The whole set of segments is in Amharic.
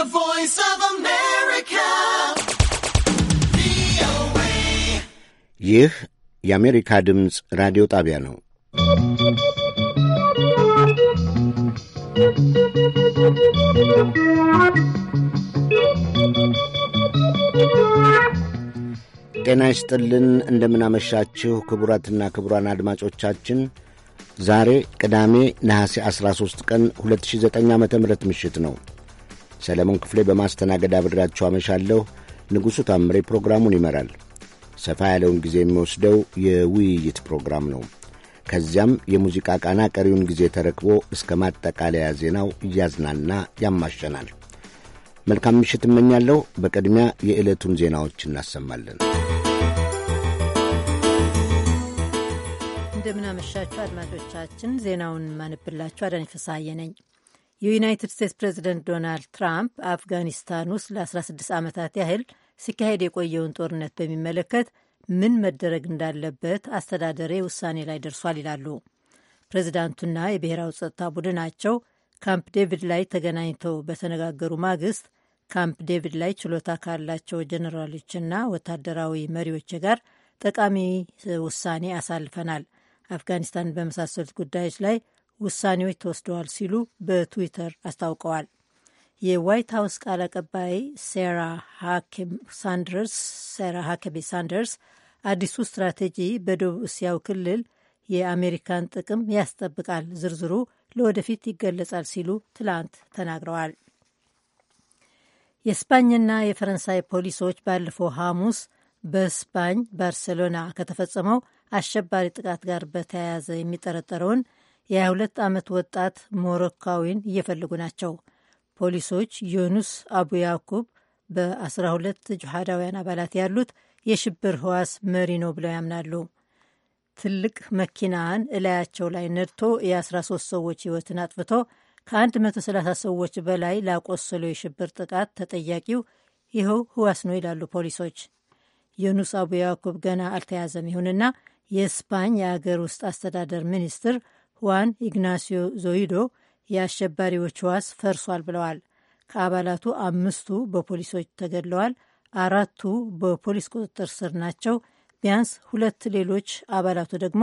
The Voice of America. ይህ የአሜሪካ ድምፅ ራዲዮ ጣቢያ ነው። ጤና ይስጥልን፣ እንደምናመሻችሁ ክቡራትና ክቡራን አድማጮቻችን ዛሬ ቅዳሜ ነሐሴ 13 ቀን 2009 ዓ ም ምሽት ነው። ሰለሞን ክፍሌ በማስተናገድ አብድራችሁ አመሻለሁ። ንጉሡ ታምሬ ፕሮግራሙን ይመራል። ሰፋ ያለውን ጊዜ የሚወስደው የውይይት ፕሮግራም ነው። ከዚያም የሙዚቃ ቃና ቀሪውን ጊዜ ተረክቦ እስከ ማጠቃለያ ዜናው እያዝናና ያማሸናል። መልካም ምሽት እመኛለሁ። በቅድሚያ የዕለቱን ዜናዎች እናሰማለን። እንደምናመሻችሁ አድማጮቻችን፣ ዜናውን ማንብላችሁ አዳነች ፍስሐዬ ነኝ። የዩናይትድ ስቴትስ ፕሬዚደንት ዶናልድ ትራምፕ አፍጋኒስታን ውስጥ ለ16 ዓመታት ያህል ሲካሄድ የቆየውን ጦርነት በሚመለከት ምን መደረግ እንዳለበት አስተዳደሬ ውሳኔ ላይ ደርሷል ይላሉ። ፕሬዚዳንቱና የብሔራዊ ጸጥታ ቡድናቸው ካምፕ ዴቪድ ላይ ተገናኝተው በተነጋገሩ ማግስት ካምፕ ዴቪድ ላይ ችሎታ ካላቸው ጀኔራሎችና ወታደራዊ መሪዎች ጋር ጠቃሚ ውሳኔ አሳልፈናል፣ አፍጋኒስታን በመሳሰሉት ጉዳዮች ላይ ውሳኔዎች ተወስደዋል ሲሉ በትዊተር አስታውቀዋል። የዋይት ሀውስ ቃል አቀባይ ሴራ ሀከቤ ሳንደርስ አዲሱ ስትራቴጂ በደቡብ እስያው ክልል የአሜሪካን ጥቅም ያስጠብቃል፣ ዝርዝሩ ለወደፊት ይገለጻል ሲሉ ትላንት ተናግረዋል። የስፓኝና የፈረንሳይ ፖሊሶች ባለፈው ሐሙስ በስፓኝ ባርሴሎና ከተፈጸመው አሸባሪ ጥቃት ጋር በተያያዘ የሚጠረጠረውን የ22 ዓመት ወጣት ሞሮካዊን እየፈለጉ ናቸው። ፖሊሶች ዮኑስ አቡ ያኩብ በ12 ጅሃዳውያን አባላት ያሉት የሽብር ህዋስ መሪ ነው ብለው ያምናሉ። ትልቅ መኪናን እላያቸው ላይ ነድቶ የ13 ሰዎች ህይወትን አጥፍቶ ከ130 ሰዎች በላይ ላቆሰለው የሽብር ጥቃት ተጠያቂው ይኸው ህዋስ ነው ይላሉ ፖሊሶች። ዮኑስ አቡ ያኩብ ገና አልተያዘም። ይሁንና የስፓኝ የአገር ውስጥ አስተዳደር ሚኒስትር ሁዋን ኢግናሲዮ ዞይዶ የአሸባሪዎች ዋስ ፈርሷል ብለዋል። ከአባላቱ አምስቱ በፖሊሶች ተገድለዋል፣ አራቱ በፖሊስ ቁጥጥር ስር ናቸው። ቢያንስ ሁለት ሌሎች አባላቱ ደግሞ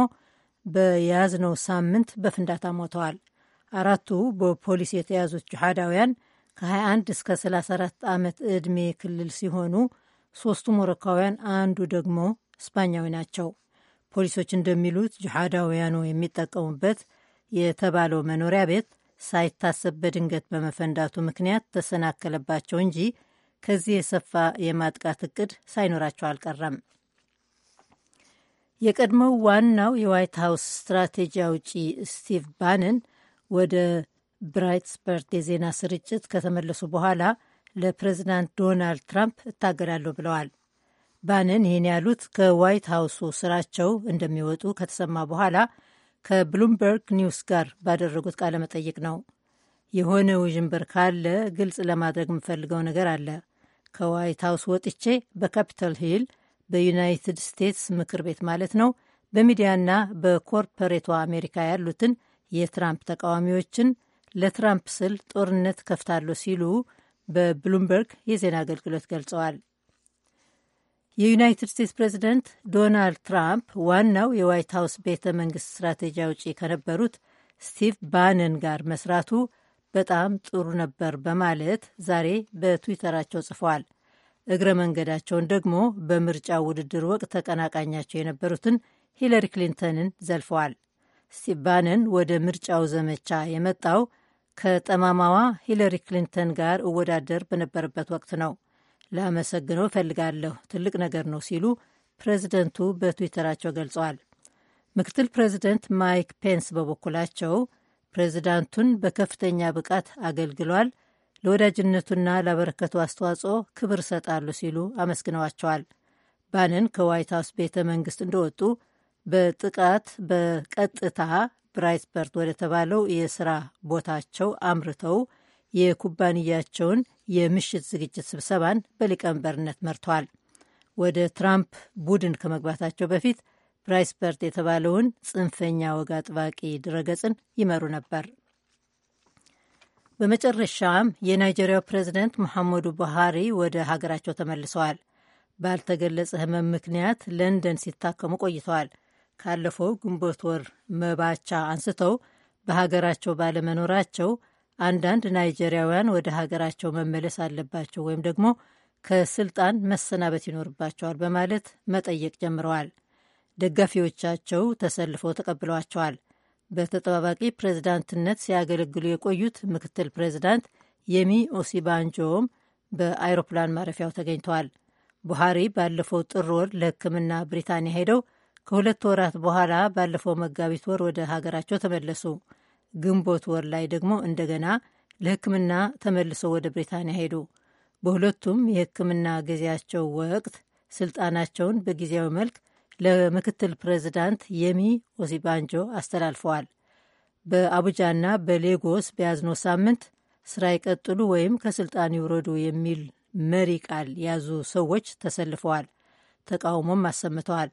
በያዝነው ሳምንት በፍንዳታ ሞተዋል። አራቱ በፖሊስ የተያዙት ጅሃዳውያን ከ21 እስከ 34 ዓመት ዕድሜ ክልል ሲሆኑ ሶስቱ ሞሮካውያን አንዱ ደግሞ ስፓኛዊ ናቸው። ፖሊሶች እንደሚሉት ጅሃዳውያኑ የሚጠቀሙበት የተባለው መኖሪያ ቤት ሳይታሰብ በድንገት በመፈንዳቱ ምክንያት ተሰናከለባቸው እንጂ ከዚህ የሰፋ የማጥቃት እቅድ ሳይኖራቸው አልቀረም። የቀድሞው ዋናው የዋይት ሀውስ ስትራቴጂ አውጪ ስቲቭ ባነን ወደ ብራይትስበርት የዜና ስርጭት ከተመለሱ በኋላ ለፕሬዚዳንት ዶናልድ ትራምፕ እታገላለሁ ብለዋል። ባነን ይህን ያሉት ከዋይት ሀውሱ ስራቸው እንደሚወጡ ከተሰማ በኋላ ከብሉምበርግ ኒውስ ጋር ባደረጉት ቃለ መጠይቅ ነው። የሆነ ውዥንብር ካለ ግልጽ ለማድረግ የምፈልገው ነገር አለ። ከዋይት ሀውስ ወጥቼ በካፒታል ሂል በዩናይትድ ስቴትስ ምክር ቤት ማለት ነው በሚዲያና በኮርፖሬቷ አሜሪካ ያሉትን የትራምፕ ተቃዋሚዎችን ለትራምፕ ስል ጦርነት ከፍታለሁ ሲሉ በብሉምበርግ የዜና አገልግሎት ገልጸዋል። የዩናይትድ ስቴትስ ፕሬዚደንት ዶናልድ ትራምፕ ዋናው የዋይት ሀውስ ቤተ መንግስት ስትራቴጂ አውጪ ከነበሩት ስቲቭ ባነን ጋር መስራቱ በጣም ጥሩ ነበር በማለት ዛሬ በትዊተራቸው ጽፈዋል። እግረ መንገዳቸውን ደግሞ በምርጫ ውድድር ወቅት ተቀናቃኛቸው የነበሩትን ሂለሪ ክሊንተንን ዘልፈዋል። ስቲቭ ባነን ወደ ምርጫው ዘመቻ የመጣው ከጠማማዋ ሂለሪ ክሊንተን ጋር እወዳደር በነበረበት ወቅት ነው። ላመሰግነው እፈልጋለሁ። ትልቅ ነገር ነው ሲሉ ፕሬዚደንቱ በትዊተራቸው ገልጸዋል። ምክትል ፕሬዚደንት ማይክ ፔንስ በበኩላቸው ፕሬዚዳንቱን በከፍተኛ ብቃት አገልግሏል፣ ለወዳጅነቱና ላበረከቱ አስተዋጽኦ ክብር እሰጣሉ ሲሉ አመስግነዋቸዋል። ባንን ከዋይት ሀውስ ቤተ መንግስት እንደወጡ በጥቃት በቀጥታ ብራይትበርት ወደ ተባለው የስራ ቦታቸው አምርተው የኩባንያቸውን የምሽት ዝግጅት ስብሰባን በሊቀመንበርነት መርተዋል። ወደ ትራምፕ ቡድን ከመግባታቸው በፊት ብራይስበርት የተባለውን ጽንፈኛ ወግ አጥባቂ ድረገጽን ይመሩ ነበር። በመጨረሻም የናይጄሪያው ፕሬዚደንት መሐመዱ ቡሃሪ ወደ ሀገራቸው ተመልሰዋል። ባልተገለጸ ሕመም ምክንያት ለንደን ሲታከሙ ቆይተዋል። ካለፈው ግንቦት ወር መባቻ አንስተው በሀገራቸው ባለመኖራቸው አንዳንድ ናይጄሪያውያን ወደ ሀገራቸው መመለስ አለባቸው ወይም ደግሞ ከስልጣን መሰናበት ይኖርባቸዋል በማለት መጠየቅ ጀምረዋል። ደጋፊዎቻቸው ተሰልፈው ተቀብለዋቸዋል። በተጠባባቂ ፕሬዝዳንትነት ሲያገለግሉ የቆዩት ምክትል ፕሬዝዳንት የሚ ኦሲባንጆም በአይሮፕላን ማረፊያው ተገኝተዋል። ቡሃሪ ባለፈው ጥር ወር ለሕክምና ብሪታንያ ሄደው ከሁለት ወራት በኋላ ባለፈው መጋቢት ወር ወደ ሀገራቸው ተመለሱ። ግንቦት ወር ላይ ደግሞ እንደገና ለሕክምና ተመልሰው ወደ ብሪታንያ ሄዱ። በሁለቱም የሕክምና ጊዜያቸው ወቅት ስልጣናቸውን በጊዜያዊ መልክ ለምክትል ፕሬዚዳንት የሚ ኦሲባንጆ አስተላልፈዋል። በአቡጃና በሌጎስ በያዝነው ሳምንት ስራ ይቀጥሉ ወይም ከስልጣን ይውረዱ የሚል መሪ ቃል የያዙ ሰዎች ተሰልፈዋል። ተቃውሞም አሰምተዋል።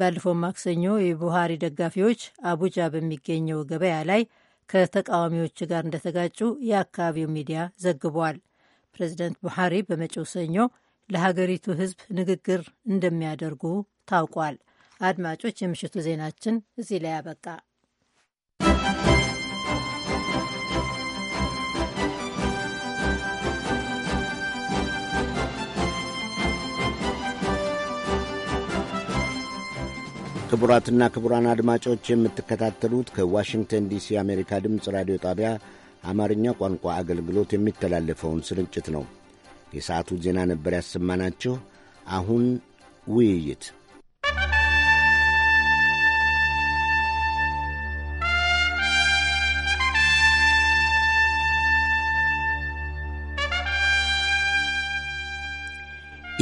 ባለፈው ማክሰኞ የቡሃሪ ደጋፊዎች አቡጃ በሚገኘው ገበያ ላይ ከተቃዋሚዎች ጋር እንደተጋጩ የአካባቢው ሚዲያ ዘግቧል። ፕሬዚደንት ቡሐሪ በመጪው ሰኞ ለሀገሪቱ ሕዝብ ንግግር እንደሚያደርጉ ታውቋል። አድማጮች፣ የምሽቱ ዜናችን እዚህ ላይ አበቃ። ክቡራትና ክቡራን አድማጮች የምትከታተሉት ከዋሽንግተን ዲሲ የአሜሪካ ድምፅ ራዲዮ ጣቢያ አማርኛ ቋንቋ አገልግሎት የሚተላለፈውን ስርጭት ነው። የሰዓቱ ዜና ነበር ያሰማናችሁ። አሁን ውይይት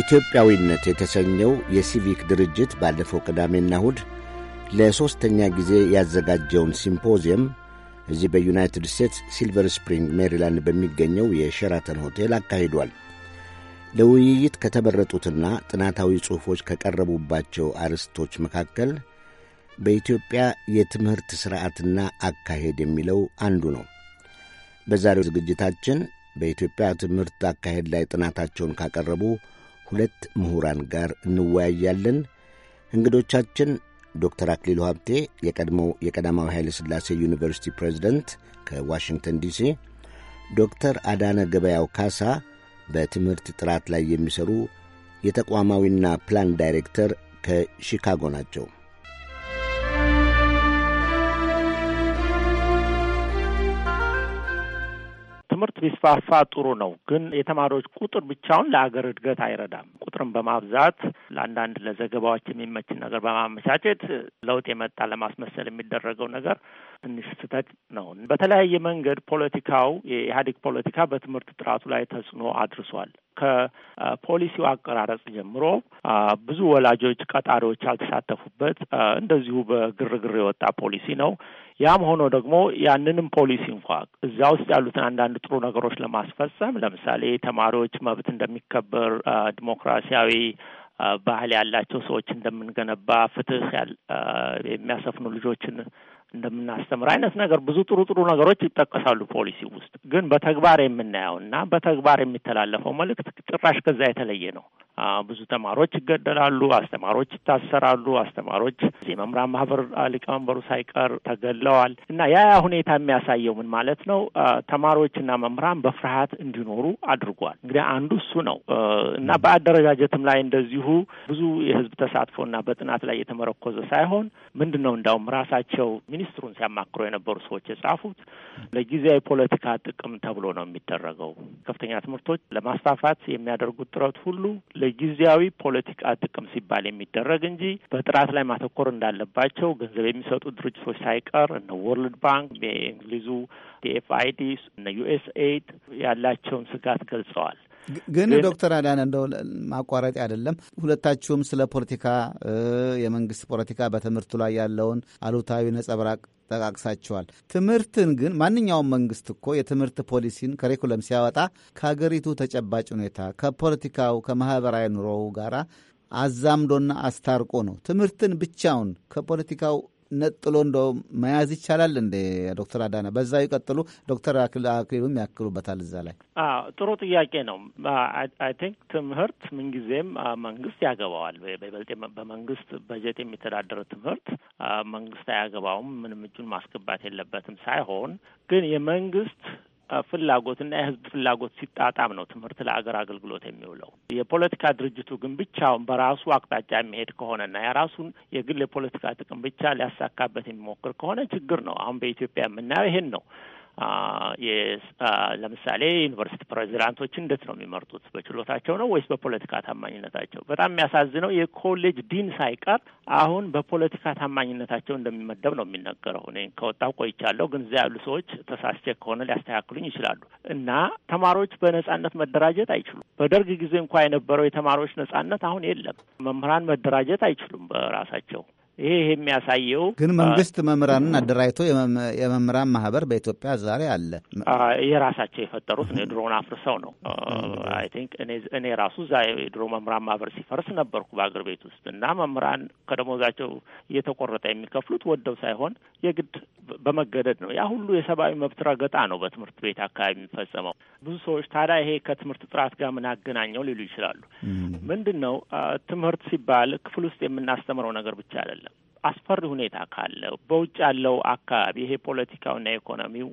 ኢትዮጵያዊነት የተሰኘው የሲቪክ ድርጅት ባለፈው ቅዳሜና እሁድ ለሦስተኛ ጊዜ ያዘጋጀውን ሲምፖዚየም እዚህ በዩናይትድ ስቴትስ ሲልቨር ስፕሪንግ ሜሪላንድ በሚገኘው የሸራተን ሆቴል አካሂዷል። ለውይይት ከተመረጡትና ጥናታዊ ጽሑፎች ከቀረቡባቸው አርዕስቶች መካከል በኢትዮጵያ የትምህርት ሥርዓትና አካሄድ የሚለው አንዱ ነው። በዛሬው ዝግጅታችን በኢትዮጵያ ትምህርት አካሄድ ላይ ጥናታቸውን ካቀረቡ ሁለት ምሁራን ጋር እንወያያለን። እንግዶቻችን ዶክተር አክሊሉ ሀብቴ የቀድሞው የቀዳማዊ ኃይለ ሥላሴ ዩኒቨርሲቲ ፕሬዝደንት ከዋሽንግተን ዲሲ፣ ዶክተር አዳነ ገበያው ካሳ በትምህርት ጥራት ላይ የሚሰሩ የተቋማዊና ፕላን ዳይሬክተር ከሺካጎ ናቸው። ትምህርት ቢስፋፋ ጥሩ ነው፣ ግን የተማሪዎች ቁጥር ብቻውን ለአገር እድገት አይረዳም። ቁጥርን በማብዛት ለአንዳንድ ለዘገባዎች የሚመች ነገር በማመቻቸት ለውጥ የመጣ ለማስመሰል የሚደረገው ነገር ትንሽ ስህተት ነው። በተለያየ መንገድ ፖለቲካው የኢህአዴግ ፖለቲካ በትምህርት ጥራቱ ላይ ተጽዕኖ አድርሷል። ከፖሊሲው አቀራረጽ ጀምሮ ብዙ ወላጆች፣ ቀጣሪዎች ያልተሳተፉበት እንደዚሁ በግርግር የወጣ ፖሊሲ ነው። ያም ሆኖ ደግሞ ያንንም ፖሊሲ እንኳ እዚያ ውስጥ ያሉትን አንዳንድ ጥሩ ነገሮች ለማስፈጸም ለምሳሌ ተማሪዎች መብት እንደሚከበር፣ ዲሞክራሲያዊ ባህል ያላቸው ሰዎች እንደምንገነባ፣ ፍትህ የሚያሰፍኑ ልጆችን እንደምናስተምር አይነት ነገር ብዙ ጥሩ ጥሩ ነገሮች ይጠቀሳሉ ፖሊሲ ውስጥ። ግን በተግባር የምናየው እና በተግባር የሚተላለፈው መልእክት ጭራሽ ከዛ የተለየ ነው። ብዙ ተማሪዎች ይገደላሉ፣ አስተማሪዎች ይታሰራሉ፣ አስተማሪዎች የመምህራን ማህበር ሊቀመንበሩ ሳይቀር ተገለዋል እና ያ ሁኔታ የሚያሳየው ምን ማለት ነው? ተማሪዎችና መምህራን በፍርሃት እንዲኖሩ አድርጓል። እንግዲህ አንዱ እሱ ነው እና በአደረጃጀትም ላይ እንደዚሁ ብዙ የህዝብ ተሳትፎና በጥናት ላይ የተመረኮዘ ሳይሆን ምንድን ነው እንዳውም ራሳቸው ሚኒስትሩን ሲያማክሩ የነበሩ ሰዎች የጻፉት ለጊዜያዊ ፖለቲካ ጥቅም ተብሎ ነው የሚደረገው። ከፍተኛ ትምህርቶች ለማስፋፋት የሚያደርጉት ጥረት ሁሉ ለጊዜያዊ ፖለቲካ ጥቅም ሲባል የሚደረግ እንጂ በጥራት ላይ ማተኮር እንዳለባቸው ገንዘብ የሚሰጡ ድርጅቶች ሳይቀር እነ ወርልድ ባንክ፣ የእንግሊዙ ዲኤፍአይዲ፣ እነ ዩኤስኤድ ያላቸውን ስጋት ገልጸዋል። ግን ዶክተር አዳነ እንደው ማቋረጥ አይደለም ሁለታችሁም ስለ ፖለቲካ የመንግስት ፖለቲካ በትምህርቱ ላይ ያለውን አሉታዊ ነጸብራቅ ጠቃቅሳቸዋል። ትምህርትን ግን ማንኛውም መንግስት እኮ የትምህርት ፖሊሲን ከሪኩለም ሲያወጣ ከሀገሪቱ ተጨባጭ ሁኔታ ከፖለቲካው ከማህበራዊ ኑሮው ጋራ አዛምዶና አስታርቆ ነው። ትምህርትን ብቻውን ከፖለቲካው ነጥሎ እንደ መያዝ ይቻላል እንዴ? ዶክተር አዳነ በዛው ይቀጥሉ። ዶክተር አክሊሉም ያክሉበታል እዛ ላይ። አዎ ጥሩ ጥያቄ ነው። አይ ቲንክ ትምህርት ምንጊዜም መንግስት ያገባዋል። በይበልጥ በመንግስት በጀት የሚተዳደረ ትምህርት መንግስት አያገባውም፣ ምንም እጁን ማስገባት የለበትም ሳይሆን ግን የመንግስት ፍላጎትና የህዝብ ፍላጎት ሲጣጣም ነው ትምህርት ለአገር አገልግሎት የሚውለው። የፖለቲካ ድርጅቱ ግን ብቻውን በራሱ አቅጣጫ የሚሄድ ከሆነና የራሱን የግል የፖለቲካ ጥቅም ብቻ ሊያሳካበት የሚሞክር ከሆነ ችግር ነው። አሁን በኢትዮጵያ የምናየው ይሄን ነው። ለምሳሌ ዩኒቨርሲቲ ፕሬዚዳንቶች እንዴት ነው የሚመርጡት? በችሎታቸው ነው ወይስ በፖለቲካ ታማኝነታቸው? በጣም የሚያሳዝነው የኮሌጅ ዲን ሳይቀር አሁን በፖለቲካ ታማኝነታቸው እንደሚመደብ ነው የሚነገረው። እኔ ከወጣሁ ቆይቻለሁ፣ ግን እዚያ ያሉ ሰዎች ተሳስቼ ከሆነ ሊያስተካክሉኝ ይችላሉ። እና ተማሪዎች በነጻነት መደራጀት አይችሉም። በደርግ ጊዜ እንኳ የነበረው የተማሪዎች ነጻነት አሁን የለም። መምህራን መደራጀት አይችሉም በራሳቸው ይሄ የሚያሳየው ግን መንግስት መምህራንን አደራጅቶ የመምህራን ማህበር በኢትዮጵያ ዛሬ አለ። የራሳቸው የፈጠሩት ነው። የድሮውን አፍርሰው ነው። አይ ቲንክ እኔ ራሱ እዛ የድሮ መምህራን ማህበር ሲፈርስ ነበርኩ በአገር ቤት ውስጥ እና መምህራን ከደሞዛቸው እየተቆረጠ የሚከፍሉት ወደው ሳይሆን የግድ በመገደድ ነው። ያ ሁሉ የሰብአዊ መብት ረገጣ ነው በትምህርት ቤት አካባቢ የሚፈጸመው። ብዙ ሰዎች ታዲያ ይሄ ከትምህርት ጥራት ጋር ምን አገናኘው ሊሉ ይችላሉ። ምንድን ነው ትምህርት ሲባል ክፍል ውስጥ የምናስተምረው ነገር ብቻ አይደለም። አስፈሪ ሁኔታ ካለው በውጭ ያለው አካባቢ ይሄ ፖለቲካውና ኢኮኖሚው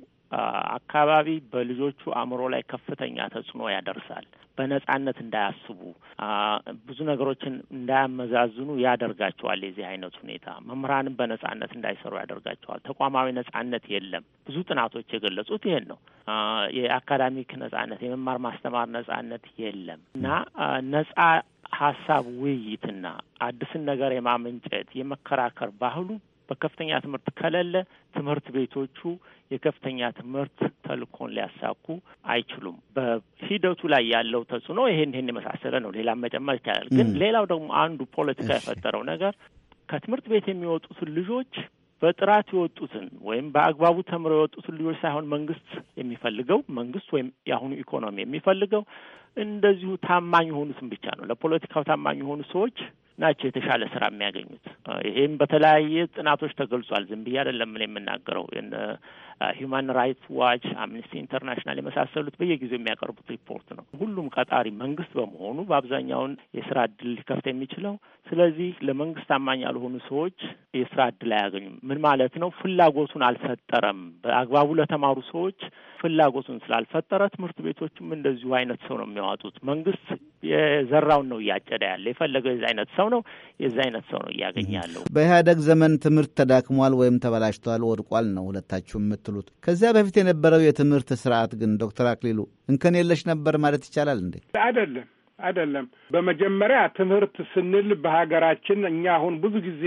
አካባቢ በልጆቹ አእምሮ ላይ ከፍተኛ ተጽዕኖ ያደርሳል። በነጻነት እንዳያስቡ ብዙ ነገሮችን እንዳያመዛዝኑ ያደርጋቸዋል። የዚህ አይነት ሁኔታ መምህራንም በነጻነት እንዳይሰሩ ያደርጋቸዋል። ተቋማዊ ነጻነት የለም። ብዙ ጥናቶች የገለጹት ይሄን ነው። የአካዳሚክ ነጻነት፣ የመማር ማስተማር ነጻነት የለም እና ነጻ ሀሳብ ውይይትና አዲስን ነገር የማመንጨት የመከራከር ባህሉ በከፍተኛ ትምህርት ከሌለ ትምህርት ቤቶቹ የከፍተኛ ትምህርት ተልእኮን ሊያሳኩ አይችሉም። በሂደቱ ላይ ያለው ተጽዕኖ ይሄን ይሄን የመሳሰለ ነው። ሌላም መጨመር ይቻላል። ግን ሌላው ደግሞ አንዱ ፖለቲካ የፈጠረው ነገር ከትምህርት ቤት የሚወጡትን ልጆች በጥራት የወጡትን ወይም በአግባቡ ተምረው የወጡትን ልጆች ሳይሆን መንግስት የሚፈልገው መንግስት ወይም የአሁኑ ኢኮኖሚ የሚፈልገው እንደዚሁ ታማኝ የሆኑትን ብቻ ነው። ለፖለቲካው ታማኝ የሆኑ ሰዎች ናቸው የተሻለ ስራ የሚያገኙት። ይሄም በተለያየ ጥናቶች ተገልጿል። ዝም ብዬ አይደለም የምናገረው ሂዩማን ራይትስ ዋች፣ አምነስቲ ኢንተርናሽናል የመሳሰሉት በየጊዜው የሚያቀርቡት ሪፖርት ነው። ሁሉም ቀጣሪ መንግስት በመሆኑ በአብዛኛውን የስራ እድል ሊከፍት የሚችለው ስለዚህ ለመንግስት ታማኝ ያልሆኑ ሰዎች የስራ እድል አያገኙም። ምን ማለት ነው? ፍላጎቱን አልፈጠረም። በአግባቡ ለተማሩ ሰዎች ፍላጎቱን ስላልፈጠረ ትምህርት ቤቶችም እንደዚሁ አይነት ሰው ነው የሚያዋጡት። መንግስት የዘራውን ነው እያጨደ ያለ። የፈለገው የዚ አይነት ሰው ነው የዚ አይነት ሰው ነው እያገኘ በኢህአደግ ዘመን ትምህርት ተዳክሟል ወይም ተበላሽቷል፣ ወድቋል ነው ሁለታችሁ የምትሉት? ከዚያ በፊት የነበረው የትምህርት ስርዓት ግን ዶክተር አክሊሉ እንከን የለሽ ነበር ማለት ይቻላል እንዴ? አይደለም አይደለም። በመጀመሪያ ትምህርት ስንል በሀገራችን እኛ አሁን ብዙ ጊዜ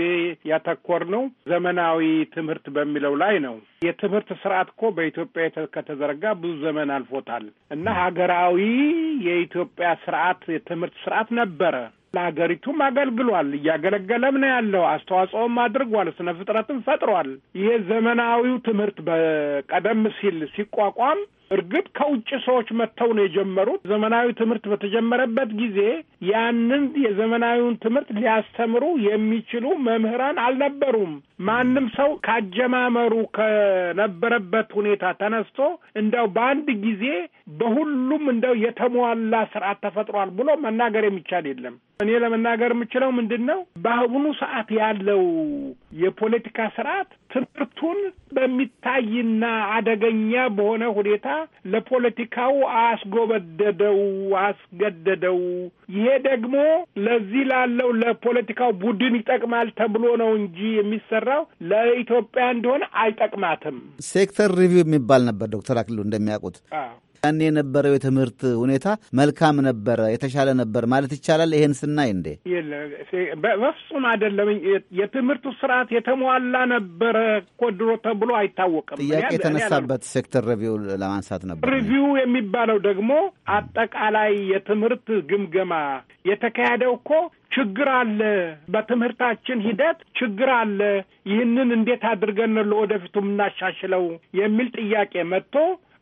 ያተኮርነው ዘመናዊ ትምህርት በሚለው ላይ ነው። የትምህርት ስርዓት እኮ በኢትዮጵያ ከተዘረጋ ብዙ ዘመን አልፎታል እና ሀገራዊ የኢትዮጵያ ስርዓት የትምህርት ስርዓት ነበረ። ለሀገሪቱም አገልግሏል፣ እያገለገለም ነው ያለው። አስተዋጽኦም አድርጓል፣ ስነ ፍጥረትም ፈጥሯል። ይሄ ዘመናዊው ትምህርት በቀደም ሲል ሲቋቋም እርግጥ ከውጭ ሰዎች መጥተው ነው የጀመሩት። ዘመናዊ ትምህርት በተጀመረበት ጊዜ ያንን የዘመናዊውን ትምህርት ሊያስተምሩ የሚችሉ መምህራን አልነበሩም። ማንም ሰው ካጀማመሩ ከነበረበት ሁኔታ ተነስቶ እንደው በአንድ ጊዜ በሁሉም እንደው የተሟላ ስርዓት ተፈጥሯል ብሎ መናገር የሚቻል የለም። እኔ ለመናገር የምችለው ምንድን ነው፣ በአሁኑ ሰዓት ያለው የፖለቲካ ስርዓት ትምህርቱን በሚታይና አደገኛ በሆነ ሁኔታ ለፖለቲካው አስጎበደደው፣ አስገደደው። ይሄ ደግሞ ለዚህ ላለው ለፖለቲካው ቡድን ይጠቅማል ተብሎ ነው እንጂ የሚሰራው ለኢትዮጵያ እንደሆነ አይጠቅማትም። ሴክተር ሪቪው የሚባል ነበር ዶክተር አክሊሉ እንደሚያውቁት ያን የነበረው የትምህርት ሁኔታ መልካም ነበረ፣ የተሻለ ነበር ማለት ይቻላል። ይሄን ስናይ እንዴ በፍጹም አይደለም። የትምህርቱ ስርዓት የተሟላ ነበረ እኮ ድሮ ተብሎ አይታወቅም። ጥያቄ የተነሳበት ሴክተር ሪቪው ለማንሳት ነበር። ሪቪው የሚባለው ደግሞ አጠቃላይ የትምህርት ግምገማ የተካሄደው እኮ ችግር አለ፣ በትምህርታችን ሂደት ችግር አለ፣ ይህንን እንዴት አድርገን ለወደፊቱ የምናሻሽለው የሚል ጥያቄ መጥቶ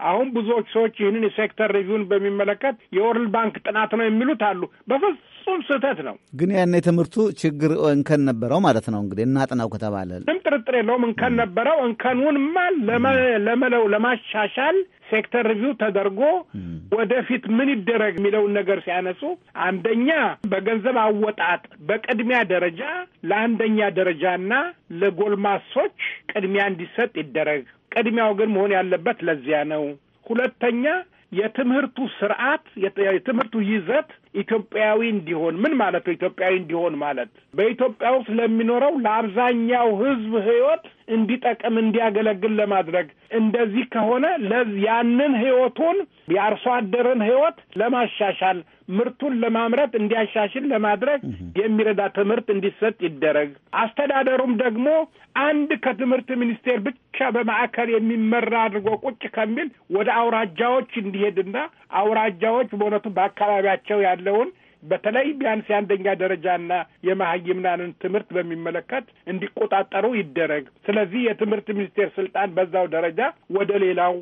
አሁን ብዙዎች ሰዎች ይህንን የሴክተር ሪቪውን በሚመለከት የወርልድ ባንክ ጥናት ነው የሚሉት አሉ። በፍጹም ስህተት ነው። ግን ያኔ ትምህርቱ ችግር እንከን ነበረው ማለት ነው። እንግዲህ እናጥናው ከተባለ ምንም ጥርጥር የለውም እንከን ነበረው። እንከኑን ለመለው ለማሻሻል ሴክተር ሪቪው ተደርጎ ወደፊት ምን ይደረግ የሚለውን ነገር ሲያነሱ አንደኛ በገንዘብ አወጣጥ በቅድሚያ ደረጃ ለአንደኛ ደረጃና ለጎልማሶች ቅድሚያ እንዲሰጥ ይደረግ። ቅድሚያው ግን መሆን ያለበት ለዚያ ነው። ሁለተኛ የትምህርቱ ስርዓት የትምህርቱ ይዘት ኢትዮጵያዊ እንዲሆን ምን ማለት ነው? ኢትዮጵያዊ እንዲሆን ማለት በኢትዮጵያ ውስጥ ለሚኖረው ለአብዛኛው ሕዝብ ሕይወት እንዲጠቅም እንዲያገለግል ለማድረግ እንደዚህ ከሆነ ያንን ሕይወቱን የአርሶ አደርን ሕይወት ለማሻሻል ምርቱን ለማምረት እንዲያሻሽል ለማድረግ የሚረዳ ትምህርት እንዲሰጥ ይደረግ። አስተዳደሩም ደግሞ አንድ ከትምህርት ሚኒስቴር ብቻ በማዕከል የሚመራ አድርጎ ቁጭ ከሚል ወደ አውራጃዎች እንዲሄድና አውራጃዎች በእውነቱ በአካባቢያቸው ያለውን በተለይ ቢያንስ የአንደኛ ደረጃና የመሀይምናንን ትምህርት በሚመለከት እንዲቆጣጠሩ ይደረግ። ስለዚህ የትምህርት ሚኒስቴር ስልጣን በዛው ደረጃ ወደ ሌላው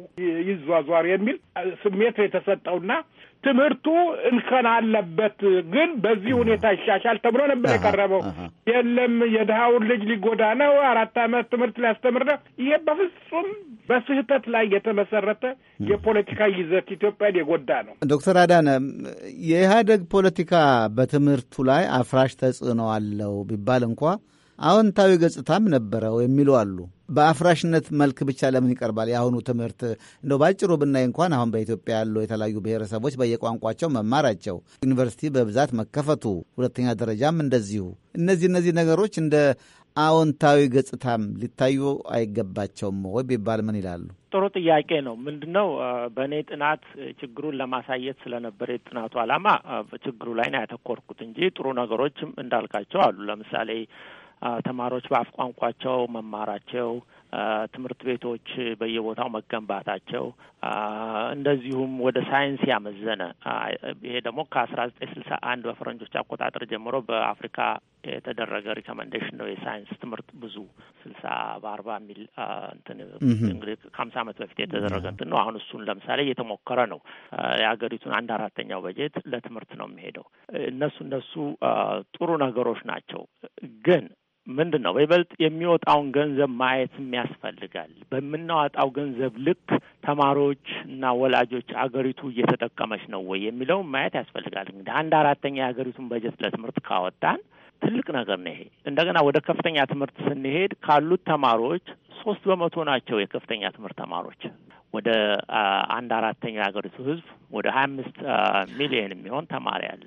ይዟዟር የሚል ስሜት የተሰጠውና ትምህርቱ እንከን አለበት፣ ግን በዚህ ሁኔታ ይሻሻል ተብሎ ነበር የቀረበው። የለም የድሃውን ልጅ ሊጎዳ ነው፣ አራት ዓመት ትምህርት ሊያስተምር ነው። ይሄ በፍጹም በስህተት ላይ የተመሰረተ የፖለቲካ ይዘት ኢትዮጵያን የጎዳ ነው። ዶክተር አዳነ የኢህአደግ ፖለቲካ በትምህርቱ ላይ አፍራሽ ተጽዕኖ አለው ቢባል እንኳ አዎንታዊ ገጽታም ነበረው የሚሉ አሉ። በአፍራሽነት መልክ ብቻ ለምን ይቀርባል? የአሁኑ ትምህርት እንደው ባጭሩ ብናይ እንኳን አሁን በኢትዮጵያ ያለው የተለያዩ ብሔረሰቦች በየቋንቋቸው መማራቸው፣ ዩኒቨርሲቲ በብዛት መከፈቱ፣ ሁለተኛ ደረጃም እንደዚሁ እነዚህ እነዚህ ነገሮች እንደ አዎንታዊ ገጽታም ሊታዩ አይገባቸውም ወይ ቢባል ምን ይላሉ? ጥሩ ጥያቄ ነው። ምንድን ነው በእኔ ጥናት ችግሩን ለማሳየት ስለነበረ የጥናቱ ዓላማ ችግሩ ላይ ነው ያተኮርኩት እንጂ ጥሩ ነገሮችም እንዳልካቸው አሉ። ለምሳሌ ተማሪዎች በአፍ ቋንቋቸው መማራቸው፣ ትምህርት ቤቶች በየቦታው መገንባታቸው እንደዚሁም ወደ ሳይንስ ያመዘነ ይሄ ደግሞ ከአስራ ዘጠኝ ስልሳ አንድ በፈረንጆች አቆጣጠር ጀምሮ በአፍሪካ የተደረገ ሪኮመንዴሽን ነው። የሳይንስ ትምህርት ብዙ ስልሳ በአርባ የሚል እንትን እንግዲህ ከሀምሳ በፊት የተደረገ እንትን ነው። አሁን እሱን ለምሳሌ እየተሞከረ ነው። የሀገሪቱን አንድ አራተኛው በጀት ለትምህርት ነው የሚሄደው። እነሱ እነሱ ጥሩ ነገሮች ናቸው ግን ምንድን ነው በይበልጥ የሚወጣውን ገንዘብ ማየትም ያስፈልጋል። በምናወጣው ገንዘብ ልክ ተማሪዎች እና ወላጆች አገሪቱ እየተጠቀመች ነው ወይ የሚለውን ማየት ያስፈልጋል። እንግዲህ አንድ አራተኛ የሀገሪቱን በጀት ለትምህርት ካወጣን ትልቅ ነገር ነው ይሄ። እንደገና ወደ ከፍተኛ ትምህርት ስንሄድ ካሉት ተማሪዎች ሶስት በመቶ ናቸው የከፍተኛ ትምህርት ተማሪዎች። ወደ አንድ አራተኛ የሀገሪቱ ህዝብ ወደ ሀያ አምስት ሚሊዮን የሚሆን ተማሪ አለ።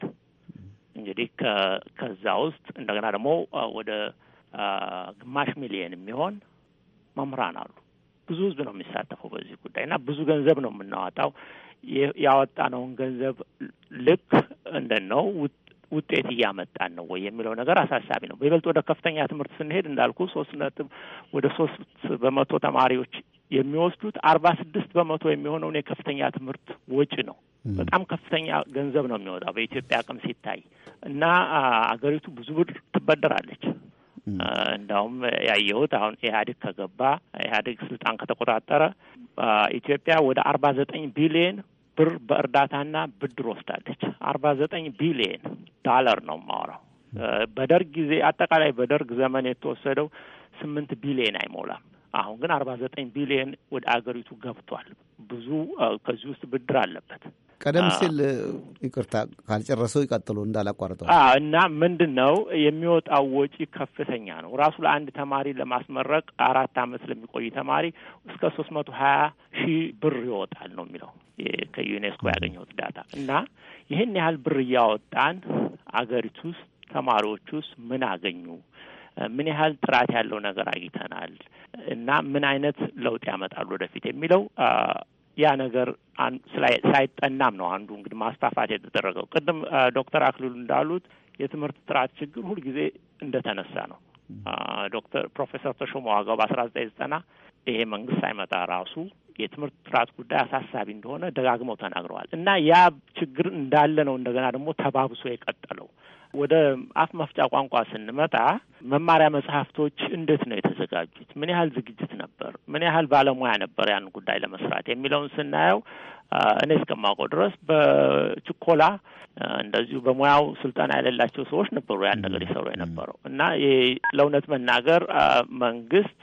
እንግዲህ ከዛ ውስጥ እንደገና ደግሞ ወደ ግማሽ ሚሊየን የሚሆን መምህራን አሉ። ብዙ ህዝብ ነው የሚሳተፈው በዚህ ጉዳይ እና ብዙ ገንዘብ ነው የምናወጣው ያወጣነውን ገንዘብ ልክ እንደት ነው ውጤት እያመጣን ነው ወይ የሚለው ነገር አሳሳቢ ነው። በይበልጥ ወደ ከፍተኛ ትምህርት ስንሄድ እንዳልኩ ሶስት ነጥብ ወደ ሶስት በመቶ ተማሪዎች የሚወስዱት አርባ ስድስት በመቶ የሚሆነውን የከፍተኛ ትምህርት ወጪ ነው። በጣም ከፍተኛ ገንዘብ ነው የሚወጣው በኢትዮጵያ አቅም ሲታይ እና አገሪቱ ብዙ ብር ትበደራለች። እንዲያውም ያየሁት አሁን ኢህአዴግ ከገባ ኢህአዴግ ስልጣን ከተቆጣጠረ ኢትዮጵያ ወደ አርባ ዘጠኝ ቢሊየን ብር በእርዳታና ብድር ወስዳለች። አርባ ዘጠኝ ቢሊየን ዳለር ነው የማወራው። በደርግ ጊዜ አጠቃላይ በደርግ ዘመን የተወሰደው ስምንት ቢሊየን አይሞላም። አሁን ግን አርባ ዘጠኝ ቢሊየን ወደ አገሪቱ ገብቷል። ብዙ ከዚህ ውስጥ ብድር አለበት። ቀደም ሲል ይቅርታ ካልጨረሰው ይቀጥሉ እንዳላቋርጠው እና ምንድን ነው የሚወጣው ወጪ ከፍተኛ ነው። ራሱ ለአንድ ተማሪ ለማስመረቅ አራት አመት ስለሚቆይ ተማሪ እስከ ሶስት መቶ ሀያ ሺህ ብር ይወጣል ነው የሚለው ከዩኔስኮ ያገኘሁት ዳታ እና ይህን ያህል ብር እያወጣን አገሪቱ ውስጥ ተማሪዎች ውስጥ ምን አገኙ ምን ያህል ጥራት ያለው ነገር አግኝተናል እና ምን አይነት ለውጥ ያመጣሉ ወደፊት የሚለው ያ ነገር ሳይጠናም ነው አንዱ እንግዲህ ማስፋፋት የተደረገው። ቅድም ዶክተር አክሊሉ እንዳሉት የትምህርት ጥራት ችግር ሁልጊዜ እንደተነሳ ነው። ዶክተር ፕሮፌሰር ተሾመ ዋጋው በአስራ ዘጠኝ ዘጠና ይሄ መንግስት ሳይመጣ ራሱ የትምህርት ጥራት ጉዳይ አሳሳቢ እንደሆነ ደጋግመው ተናግረዋል እና ያ ችግር እንዳለ ነው እንደገና ደግሞ ተባብሶ የቀጠለው ወደ አፍ መፍጫ ቋንቋ ስንመጣ መማሪያ መጽሐፍቶች እንዴት ነው የተዘጋጁት? ምን ያህል ዝግጅት ነበር? ምን ያህል ባለሙያ ነበር ያን ጉዳይ ለመስራት የሚለውን ስናየው እኔ እስከማውቀው ድረስ በችኮላ እንደዚሁ በሙያው ስልጠና የሌላቸው ሰዎች ነበሩ ያን ነገር የሰሩ የነበረው እና ለእውነት መናገር መንግስት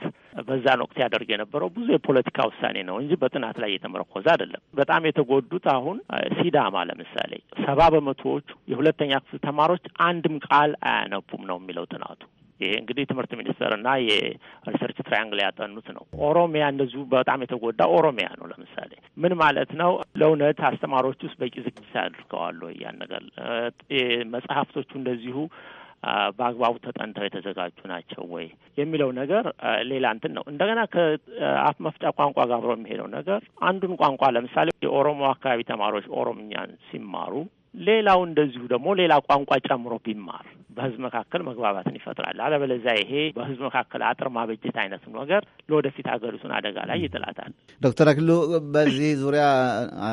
በዛን ወቅት ያደርግ የነበረው ብዙ የፖለቲካ ውሳኔ ነው እንጂ በጥናት ላይ የተመረኮዘ አይደለም። በጣም የተጎዱት አሁን ሲዳማ ለምሳሌ ሰባ በመቶዎቹ የሁለተኛ ክፍል ተማሪዎች አንድም ቃል አያነቡም ነው የሚለው ጥናቱ። ይሄ እንግዲህ ትምህርት ሚኒስቴር እና የሪሰርች ትራያንግል ያጠኑት ነው። ኦሮሚያ እንደዚሁ በጣም የተጎዳ ኦሮሚያ ነው። ለምሳሌ ምን ማለት ነው? ለእውነት አስተማሪዎች ውስጥ በቂ ዝግጅት አድርገዋል ያን ነገር መጽሐፍቶቹ እንደዚሁ በአግባቡ ተጠንተው የተዘጋጁ ናቸው ወይ የሚለው ነገር ሌላ እንትን ነው። እንደገና ከአፍ መፍጫ ቋንቋ ጋር አብሮ የሚሄደው ነገር አንዱን ቋንቋ ለምሳሌ የኦሮሞ አካባቢ ተማሪዎች ኦሮምኛን ሲማሩ ሌላው እንደዚሁ ደግሞ ሌላ ቋንቋ ጨምሮ ቢማር በህዝብ መካከል መግባባትን ይፈጥራል። አለበለዚያ ይሄ በህዝብ መካከል አጥር ማበጀት አይነት ነገር ለወደፊት ሀገሪቱን አደጋ ላይ ይጥላታል። ዶክተር አክሉ በዚህ ዙሪያ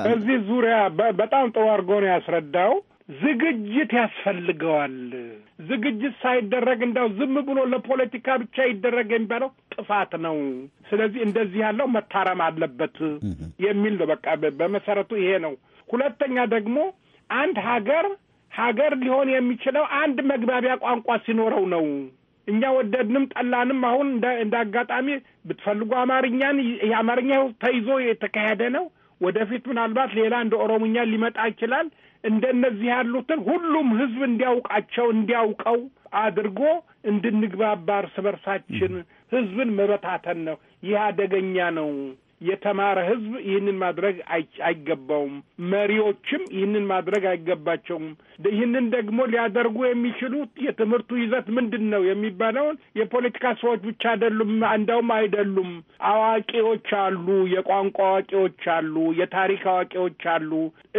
በዚህ ዙሪያ በጣም ጥሩ አድርጎ ነው ያስረዳው። ዝግጅት ያስፈልገዋል። ዝግጅት ሳይደረግ እንዳው ዝም ብሎ ለፖለቲካ ብቻ ይደረግ የሚባለው ጥፋት ነው። ስለዚህ እንደዚህ ያለው መታረም አለበት የሚል ነው። በቃ በመሰረቱ ይሄ ነው። ሁለተኛ ደግሞ አንድ ሀገር ሀገር ሊሆን የሚችለው አንድ መግባቢያ ቋንቋ ሲኖረው ነው። እኛ ወደድንም ጠላንም አሁን እንደ አጋጣሚ ብትፈልጉ አማርኛን የአማርኛ ተይዞ የተካሄደ ነው። ወደፊት ምናልባት ሌላ እንደ ኦሮሞኛ ሊመጣ ይችላል። እንደነዚህ ያሉትን ሁሉም ህዝብ እንዲያውቃቸው እንዲያውቀው አድርጎ እንድንግባባ እርስ በርሳችን መበታተን ነው። ይህ አደገኛ ነው። የተማረ ህዝብ ይህንን ማድረግ አይገባውም። መሪዎችም ይህንን ማድረግ አይገባቸውም። ይህንን ደግሞ ሊያደርጉ የሚችሉት የትምህርቱ ይዘት ምንድን ነው የሚባለውን የፖለቲካ ሰዎች ብቻ አይደሉም፣ እንደውም አይደሉም። አዋቂዎች አሉ፣ የቋንቋ አዋቂዎች አሉ፣ የታሪክ አዋቂዎች አሉ።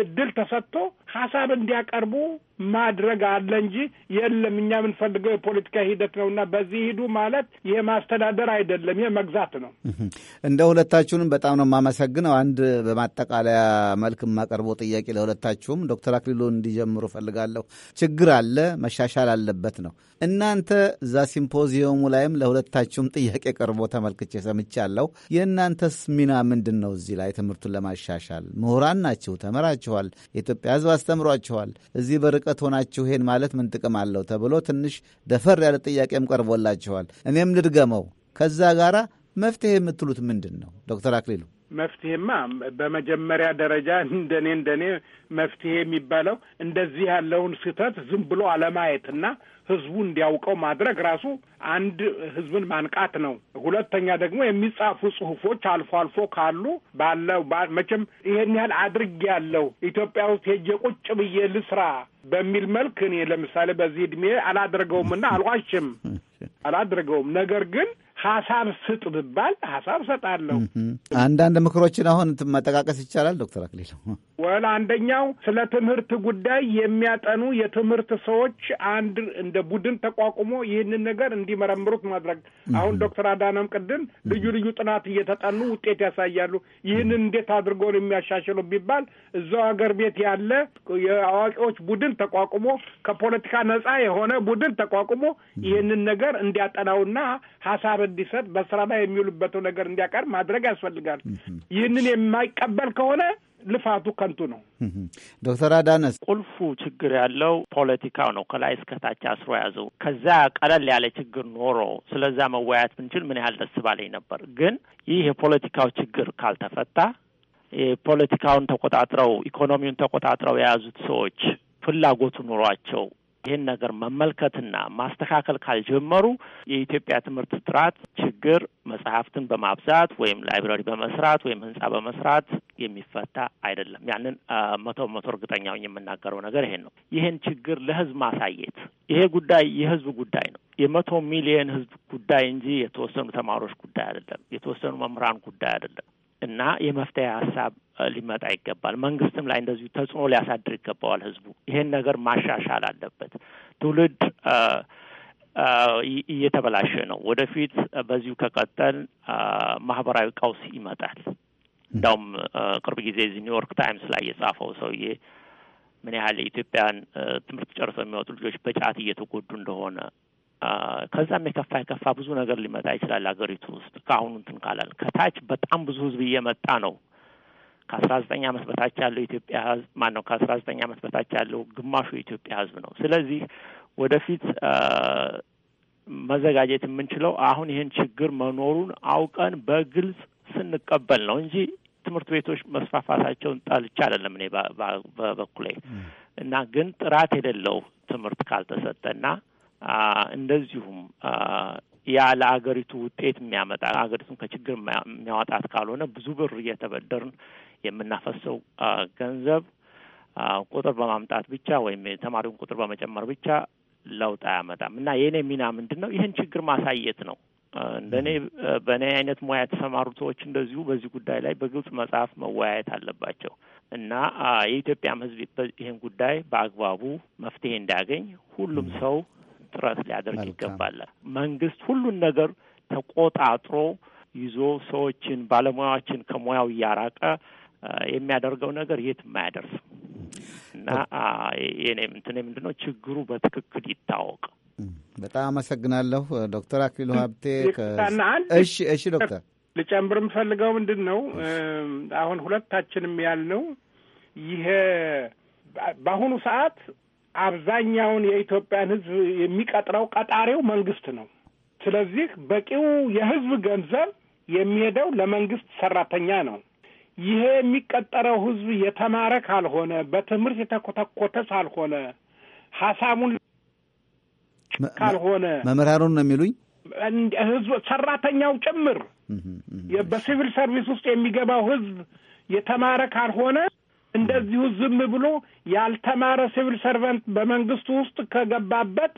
እድል ተሰጥቶ ሀሳብ እንዲያቀርቡ ማድረግ አለ እንጂ የለም እኛ የምንፈልገው የፖለቲካ ሂደት ነው እና በዚህ ሂዱ ማለት ይሄ ማስተዳደር አይደለም፣ ይሄ መግዛት ነው። እንደ ሁለታችሁንም በጣም ነው የማመሰግነው። አንድ በማጠቃለያ መልክ የማቀርበው ጥያቄ ለሁለታችሁም ዶክተር አክሊሎ እንዲጀምሩ እፈልጋለሁ። ችግር አለ፣ መሻሻል አለበት ነው። እናንተ እዛ ሲምፖዚየሙ ላይም ለሁለታችሁም ጥያቄ ቀርቦ ተመልክቼ ሰምቻለሁ። የእናንተስ ሚና ምንድን ነው? እዚህ ላይ ትምህርቱን ለማሻሻል ምሁራን ናችሁ፣ ተምራችኋል፣ የኢትዮጵያ ሕዝብ አስተምሯችኋል። እዚህ በርቀት ሆናችሁ ይሄን ማለት ምን ጥቅም አለው ተብሎ ትንሽ ደፈር ያለ ጥያቄም ቀርቦላችኋል። እኔም ልድገመው ከዛ ጋራ መፍትሄ የምትሉት ምንድን ነው? ዶክተር አክሊሉ መፍትሄማ በመጀመሪያ ደረጃ እንደኔ እንደኔ መፍትሄ የሚባለው እንደዚህ ያለውን ስህተት ዝም ብሎ አለማየትና ህዝቡ እንዲያውቀው ማድረግ ራሱ አንድ ህዝብን ማንቃት ነው። ሁለተኛ ደግሞ የሚጻፉ ጽሁፎች አልፎ አልፎ ካሉ ባለው መቼም ይሄን ያህል አድርግ ያለው ኢትዮጵያ ውስጥ ሄጄ ቁጭ ብዬ ልስራ በሚል መልክ እኔ ለምሳሌ በዚህ እድሜ አላደርገውምና አልዋሽም አላደርገውም። ነገር ግን ሀሳብ ስጥ ብባል ሀሳብ ሰጣለሁ። አንዳንድ ምክሮችን አሁን መጠቃቀስ ይቻላል ዶክተር አክሊሉ? ወል አንደኛው ስለ ትምህርት ጉዳይ የሚያጠኑ የትምህርት ሰዎች አንድ እንደ ቡድን ተቋቁሞ ይህንን ነገር እንዲመረምሩት ማድረግ። አሁን ዶክተር አዳነም ቅድም ልዩ ልዩ ጥናት እየተጠኑ ውጤት ያሳያሉ። ይህንን እንዴት አድርጎ ነው የሚያሻሽሉ ቢባል እዛው ሀገር ቤት ያለ የአዋቂዎች ቡድን ተቋቁሞ ከፖለቲካ ነጻ የሆነ ቡድን ተቋቁሞ ይህንን ነገር እንዲያጠናውና ሀሳብ እንዲሰጥ በስራ ላይ የሚውሉበትን ነገር እንዲያቀር ማድረግ ያስፈልጋል። ይህንን የማይቀበል ከሆነ ልፋቱ ከንቱ ነው። ዶክተር አዳነስ ቁልፉ ችግር ያለው ፖለቲካው ነው። ከላይ እስከታች አስሮ ያዘው። ከዛ ቀለል ያለ ችግር ኖሮ ስለዛ መወያየት ብንችል ምን ያህል ደስ ባለኝ ነበር። ግን ይህ የፖለቲካው ችግር ካልተፈታ ፖለቲካውን ተቆጣጥረው ኢኮኖሚውን ተቆጣጥረው የያዙት ሰዎች ፍላጎቱ ኑሯቸው ይህን ነገር መመልከትና ማስተካከል ካልጀመሩ የኢትዮጵያ ትምህርት ጥራት ችግር መጽሐፍትን በማብዛት ወይም ላይብራሪ በመስራት ወይም ህንጻ በመስራት የሚፈታ አይደለም። ያንን መቶ መቶ እርግጠኛ የምናገረው ነገር ይሄን ነው። ይህን ችግር ለህዝብ ማሳየት ይሄ ጉዳይ የህዝብ ጉዳይ ነው። የመቶ ሚሊየን ህዝብ ጉዳይ እንጂ የተወሰኑ ተማሪዎች ጉዳይ አይደለም። የተወሰኑ መምህራን ጉዳይ አይደለም። እና የመፍትሄ ሀሳብ ሊመጣ ይገባል። መንግስትም ላይ እንደዚሁ ተጽዕኖ ሊያሳድር ይገባዋል። ህዝቡ ይሄን ነገር ማሻሻል አለበት። ትውልድ እየተበላሸ ነው። ወደፊት በዚሁ ከቀጠል ማህበራዊ ቀውስ ይመጣል። እንዳውም ቅርብ ጊዜ እዚህ ኒውዮርክ ታይምስ ላይ የጻፈው ሰውዬ ምን ያህል የኢትዮጵያን ትምህርት ጨርሰው የሚወጡ ልጆች በጫት እየተጎዱ እንደሆነ ከዛ የከፋ የከፋ ብዙ ነገር ሊመጣ ይችላል ሀገሪቱ ውስጥ ከአሁኑ እንትን ካላል ከታች በጣም ብዙ ህዝብ እየመጣ ነው። ከአስራ ዘጠኝ አመት በታች ያለው ኢትዮጵያ ህዝብ ማን ነው? ከአስራ ዘጠኝ አመት በታች ያለው ግማሹ የኢትዮጵያ ህዝብ ነው። ስለዚህ ወደፊት መዘጋጀት የምንችለው አሁን ይህን ችግር መኖሩን አውቀን በግልጽ ስንቀበል ነው እንጂ ትምህርት ቤቶች መስፋፋታቸውን ጠልቼ አይደለም እኔ በበኩሌ እና ግን ጥራት የሌለው ትምህርት ካልተሰጠና እንደዚሁም ያ ለአገሪቱ ውጤት የሚያመጣ አገሪቱን ከችግር የሚያወጣት ካልሆነ ብዙ ብር እየተበደርን የምናፈሰው ገንዘብ ቁጥር በማምጣት ብቻ ወይም የተማሪውን ቁጥር በመጨመር ብቻ ለውጥ አያመጣም እና የእኔ ሚና ምንድን ነው? ይህን ችግር ማሳየት ነው። እንደ እኔ በእኔ አይነት ሙያ የተሰማሩ ሰዎች እንደዚሁ በዚህ ጉዳይ ላይ በግልጽ መጽሐፍ መወያየት አለባቸው እና የኢትዮጵያም ሕዝብ ይህን ጉዳይ በአግባቡ መፍትሄ እንዲያገኝ ሁሉም ሰው ጥረት ሊያደርግ ይገባል። መንግስት ሁሉን ነገር ተቆጣጥሮ ይዞ ሰዎችን ባለሙያዎችን ከሙያው እያራቀ የሚያደርገው ነገር የት አያደርስም እና የኔ እንትን ምንድን ነው ችግሩ በትክክል ይታወቅ። በጣም አመሰግናለሁ ዶክተር አክሊሉ ሀብቴ። እሺ እሺ ዶክተር ልጨምር የምፈልገው ምንድን ነው አሁን ሁለታችንም ያልነው ይሄ በአሁኑ ሰዓት አብዛኛውን የኢትዮጵያን ሕዝብ የሚቀጥረው ቀጣሪው መንግስት ነው። ስለዚህ በቂው የሕዝብ ገንዘብ የሚሄደው ለመንግስት ሰራተኛ ነው። ይሄ የሚቀጠረው ሕዝብ የተማረ ካልሆነ፣ በትምህርት የተኮተኮተ ካልሆነ፣ ሀሳቡን ካልሆነ መምህራኑን ነው የሚሉኝ ህዝብ ሰራተኛው ጭምር በሲቪል ሰርቪስ ውስጥ የሚገባው ህዝብ የተማረ ካልሆነ እንደዚሁ ዝም ብሎ ያልተማረ ሲቪል ሰርቨንት በመንግስት ውስጥ ከገባበት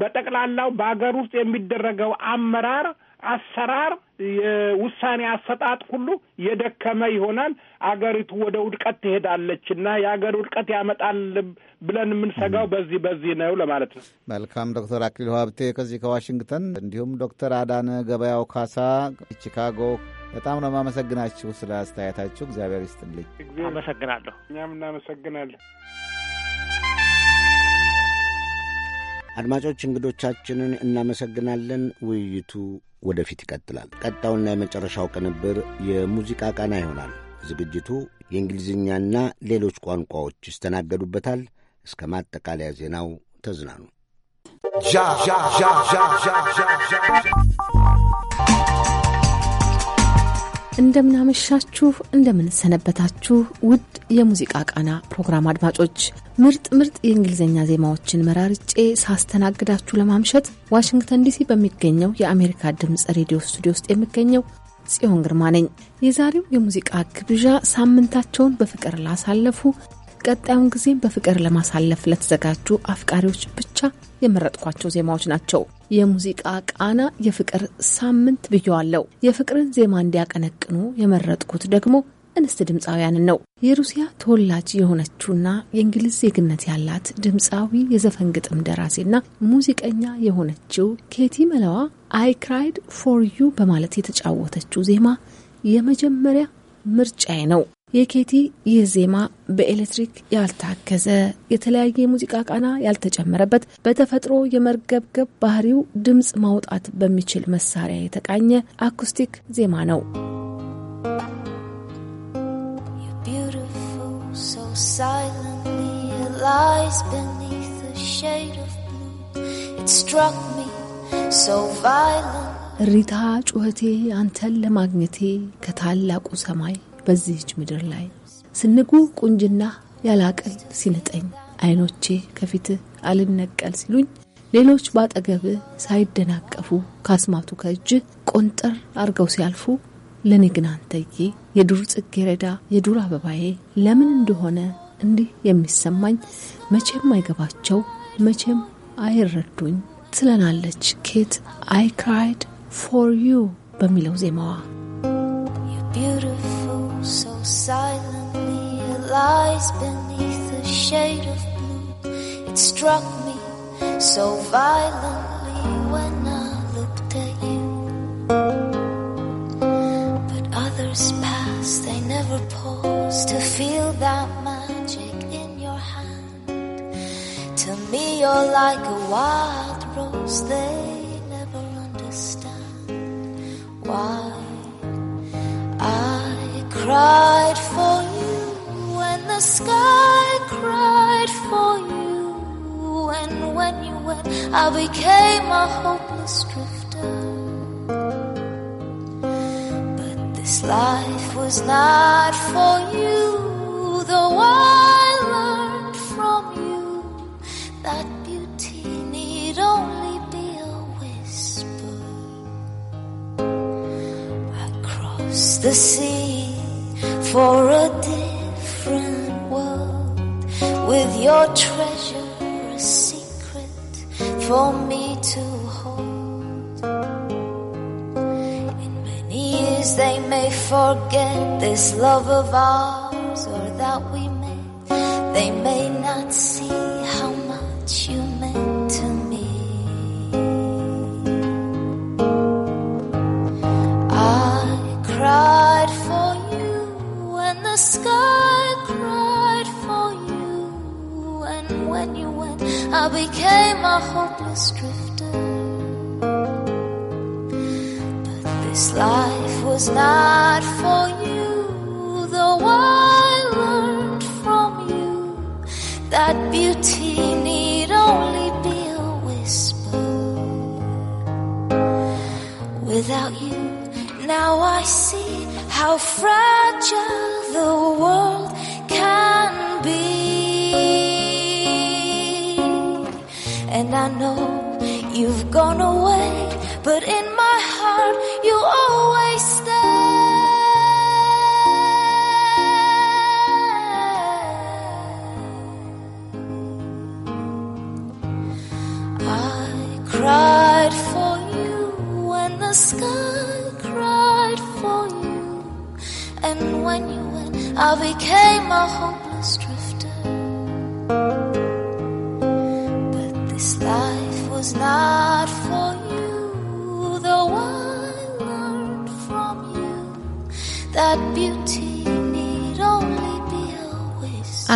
በጠቅላላው በሀገር ውስጥ የሚደረገው አመራር አሰራር፣ የውሳኔ አሰጣጥ ሁሉ የደከመ ይሆናል። አገሪቱ ወደ ውድቀት ትሄዳለች እና የአገር ውድቀት ያመጣል ብለን የምንሰጋው በዚህ በዚህ ነው ለማለት ነው። መልካም ዶክተር አክሊሉ ሀብቴ ከዚህ ከዋሽንግተን እንዲሁም ዶክተር አዳነ ገበያው ካሳ ቺካጎ በጣም ነው የማመሰግናችሁ ስለ አስተያየታችሁ። እግዚአብሔር ይስጥልኝ። አመሰግናለሁ። እኛም እናመሰግናለን። አድማጮች እንግዶቻችንን እናመሰግናለን። ውይይቱ ወደፊት ይቀጥላል። ቀጣውና የመጨረሻው ቅንብር የሙዚቃ ቃና ይሆናል። ዝግጅቱ የእንግሊዝኛና ሌሎች ቋንቋዎች ይስተናገዱበታል። እስከ ማጠቃለያ ዜናው ተዝናኑ። እንደምናመሻችሁ፣ እንደምንሰነበታችሁ ውድ የሙዚቃ ቃና ፕሮግራም አድማጮች ምርጥ ምርጥ የእንግሊዝኛ ዜማዎችን መራርጬ ሳስተናግዳችሁ ለማምሸት ዋሽንግተን ዲሲ በሚገኘው የአሜሪካ ድምፅ ሬዲዮ ስቱዲዮ ውስጥ የሚገኘው ጽዮን ግርማ ነኝ። የዛሬው የሙዚቃ ግብዣ ሳምንታቸውን በፍቅር ላሳለፉ ቀጣዩን ጊዜ በፍቅር ለማሳለፍ ለተዘጋጁ አፍቃሪዎች ብቻ የመረጥኳቸው ዜማዎች ናቸው። የሙዚቃ ቃና የፍቅር ሳምንት ብየዋለው። የፍቅርን ዜማ እንዲያቀነቅኑ የመረጥኩት ደግሞ እንስት ድምፃውያንን ነው። የሩሲያ ተወላጅ የሆነችውና የእንግሊዝ ዜግነት ያላት ድምፃዊ የዘፈን ግጥም ደራሲና ሙዚቀኛ የሆነችው ኬቲ መለዋ አይ ክራይድ ፎር ዩ በማለት የተጫወተችው ዜማ የመጀመሪያ ምርጫዬ ነው። የኬቲ ይህ ዜማ በኤሌክትሪክ ያልታገዘ የተለያየ የሙዚቃ ቃና ያልተጨመረበት በተፈጥሮ የመርገብገብ ባህሪው ድምፅ ማውጣት በሚችል መሳሪያ የተቃኘ አኩስቲክ ዜማ ነው። ሪታ ጩኸቴ አንተን ለማግኘቴ ከታላቁ ሰማይ በዚህች ምድር ላይ ስንጉ ቁንጅና ያላቅል ሲንጠኝ አይኖቼ ከፊትህ አልነቀል ሲሉኝ ሌሎች ባጠገብህ ሳይደናቀፉ ካስማቱ ከእጅህ ቆንጠር አርገው ሲያልፉ ለእኔ ግን አንተዬ የዱር ጽጌረዳ የዱር አበባዬ ለምን እንደሆነ እንዲህ የሚሰማኝ መቼም አይገባቸው መቼም አይረዱኝ ትለናለች ኬት አይ ክራይድ ፎር ዩ በሚለው ዜማዋ so silently it lies beneath a shade of blue. It struck me so violently when I looked at you. But others pass, they never pause to feel that magic in your hand. To me, you're like a wild rose, they never understand why I cried for you when the sky cried for you and when you went I became a hopeless drifter but this life was not for you though I learned from you that beauty need only be a whisper the sea for a different world with your treasure, a secret for me to hold. In many years, they may forget this love of ours or that we made. They may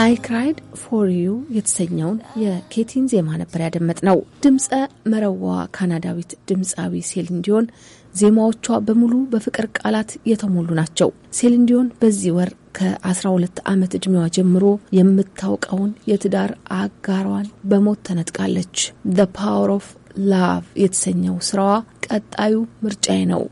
አይ ክራይድ ፎር ዩ የተሰኘውን የኬቲን ዜማ ነበር ያደመጥ ነው። ድምፀ መረዋ ካናዳዊት ድምፃዊ ሴሊን ዜማዎቿ በሙሉ በፍቅር ቃላት የተሞሉ ናቸው። ሴሊን በዚህ ወር ከ12 ዓመት ዕድሜዋ ጀምሮ የምታውቀውን የትዳር አጋሯን በሞት ተነጥቃለች። ዘ ፓወር ኦፍ ላቭ የተሰኘው ስራዋ ቀጣዩ ምርጫዬ ነው።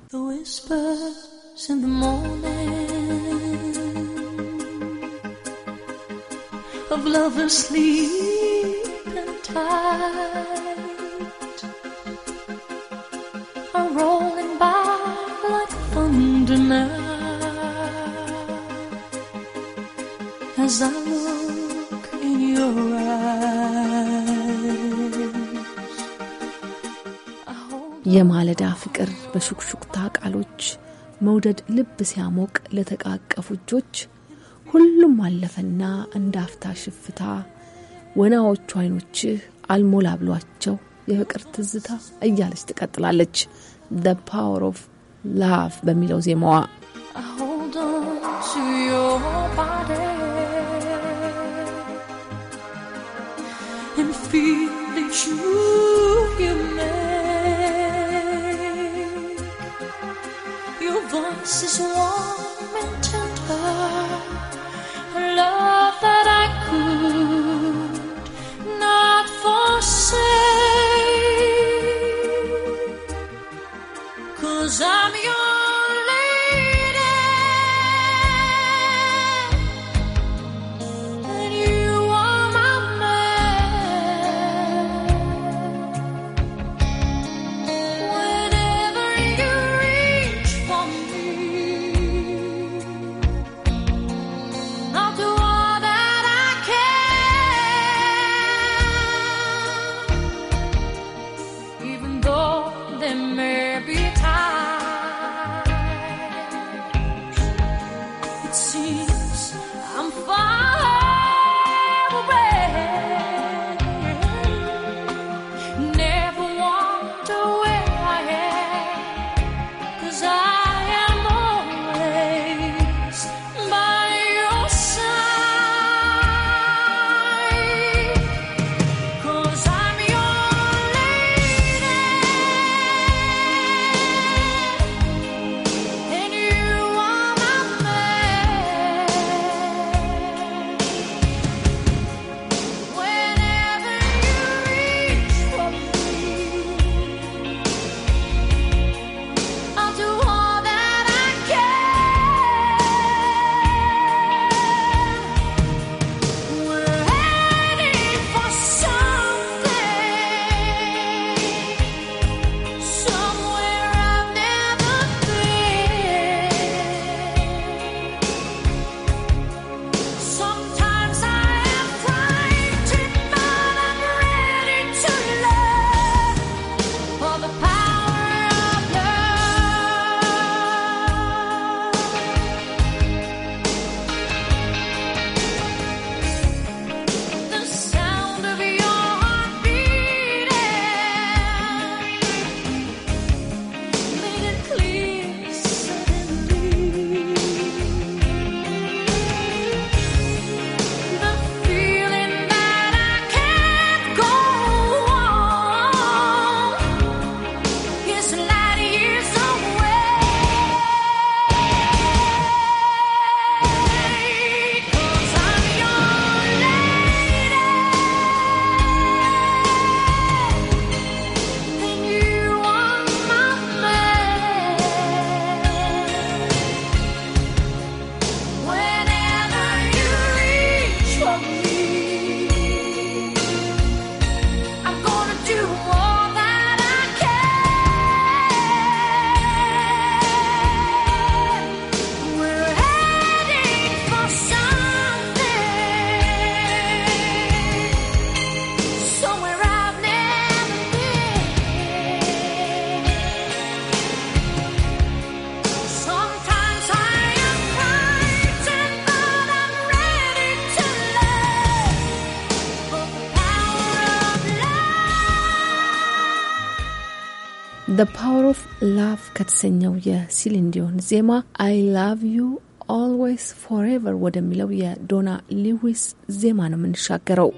የማለዳ ፍቅር በሹክሹክታ ቃሎች መውደድ ልብ ሲያሞቅ ለተቃቀፉ እጆች ሁሉም አለፈና እንዳፍታ ሽፍታ ወናዎቹ አይኖችህ አልሞላ ብሏቸው የፍቅር ትዝታ እያለች ትቀጥላለች። ደ ፓወር ኦፍ ላቭ በሚለው ዜማዋ feel that you, voice is warm and tender. Love that I ከተሰኘው የሲሊን ዲዮን ዜማ አይ ላቭ ዩ ኦልዌይስ ፎሬቨር ወደሚለው የዶና ሊዊስ ዜማ ነው የምንሻገረው።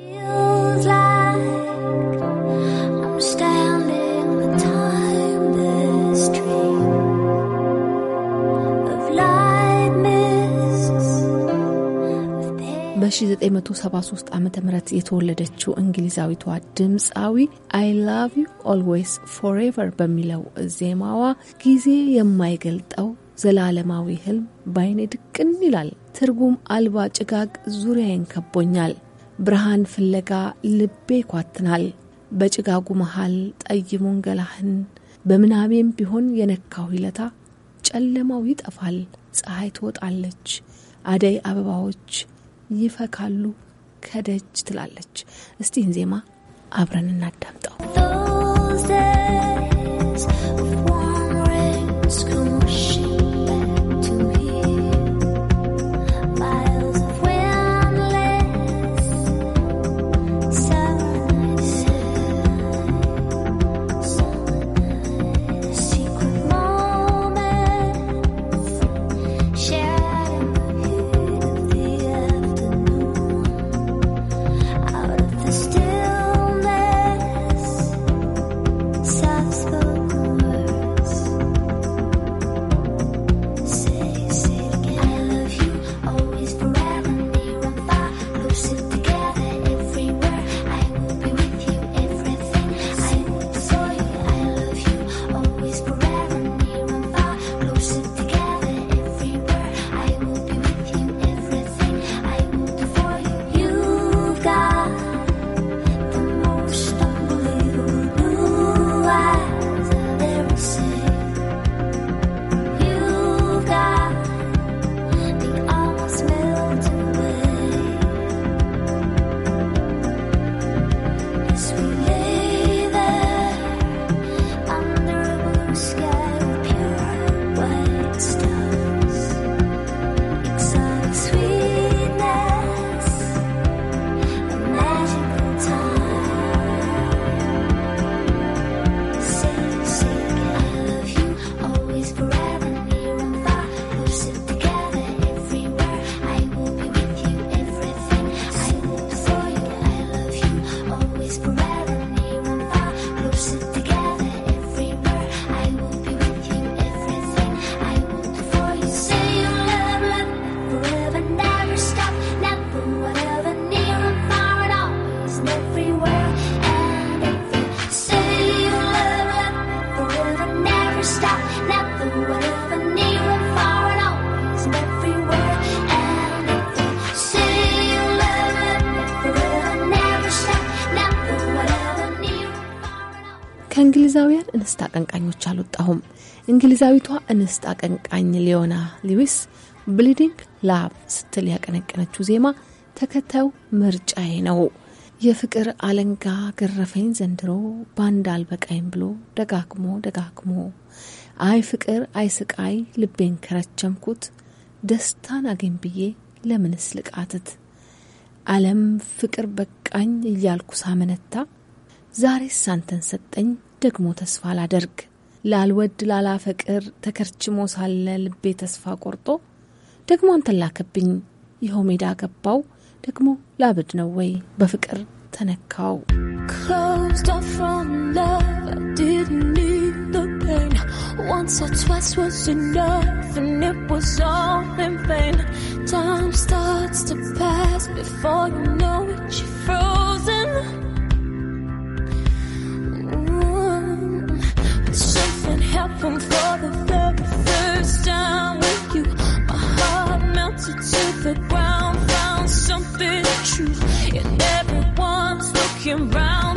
በ1973 ዓ ም የተወለደችው እንግሊዛዊቷ ድምፃዊ አይ ላቭ ዩ ኦልዌይስ ፎሬቨር በሚለው ዜማዋ ጊዜ የማይገልጠው ዘላለማዊ ህልም ባይኔ ድቅን ይላል። ትርጉም አልባ ጭጋግ ዙሪያ ከቦኛል። ብርሃን ፍለጋ ልቤ ይኳትናል። በጭጋጉ መሃል ጠይሙን ገላህን በምናቤም ቢሆን የነካው ሂለታ ጨለማው ይጠፋል። ፀሐይ ትወጣለች። አደይ አበባዎች ይፈካሉ ከደጅ ትላለች። እስቲ ዜማ አብረን እናዳምጠው። አቀንቃኞች አልወጣሁም። እንግሊዛዊቷ እንስት አቀንቃኝ ሊዮና ሊዊስ ብሊዲንግ ላቭ ስትል ያቀነቀነችው ዜማ ተከታዩ ምርጫዬ ነው። የፍቅር አለንጋ ገረፈኝ ዘንድሮ ባንድ አልበቃኝ ብሎ ደጋግሞ ደጋግሞ አይ ፍቅር አይ ስቃይ ልቤን ከረቸምኩት ደስታን አገኝ ብዬ ለምንስ ልቃትት ዓለም ፍቅር በቃኝ እያልኩ ሳመነታ ዛሬ ሳንተን ሰጠኝ ደግሞ ተስፋ ላደርግ ላልወድ ላላፈቅር ተከርችሞ ሳለ ልቤ ተስፋ ቆርጦ ደግሞ አንተን ላከብኝ ይኸው ሜዳ ገባው ደግሞ ላብድ ነው ወይ በፍቅር ተነካው Closed off from love, I didn't need the pain. Once or twice was enough, and it was all in vain. Time starts to pass before you know it, you're frozen. open for the very first time with you. My heart melted to the ground, found something true, and everyone's looking round.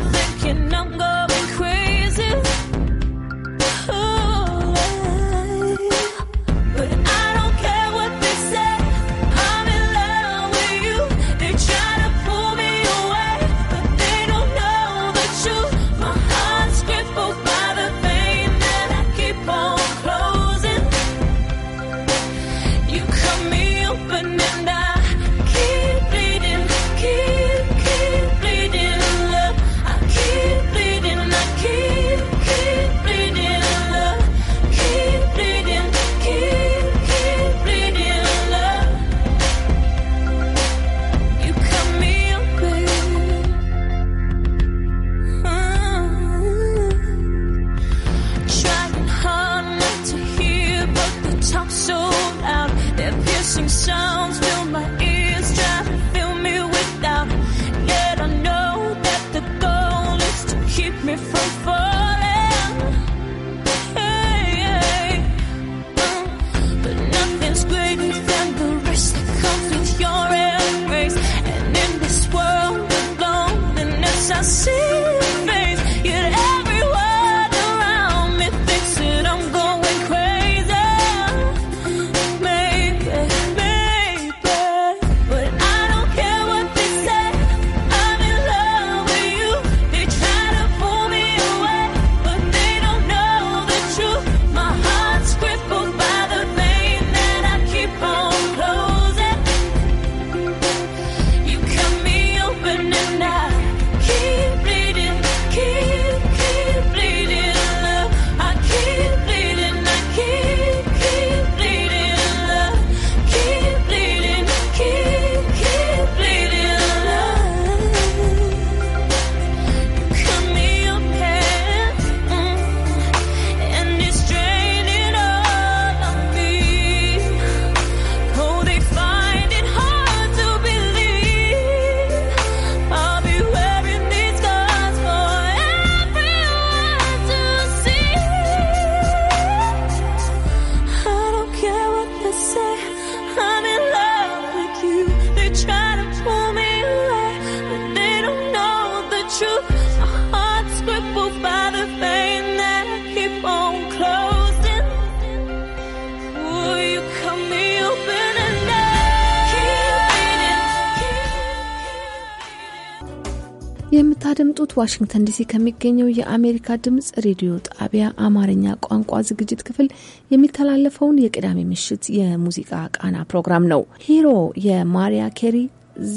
ዋሽንግተን ዲሲ ከሚገኘው የአሜሪካ ድምፅ ሬዲዮ ጣቢያ አማርኛ ቋንቋ ዝግጅት ክፍል የሚተላለፈውን የቅዳሜ ምሽት የሙዚቃ ቃና ፕሮግራም ነው። ሂሮ የማሪያ ኬሪ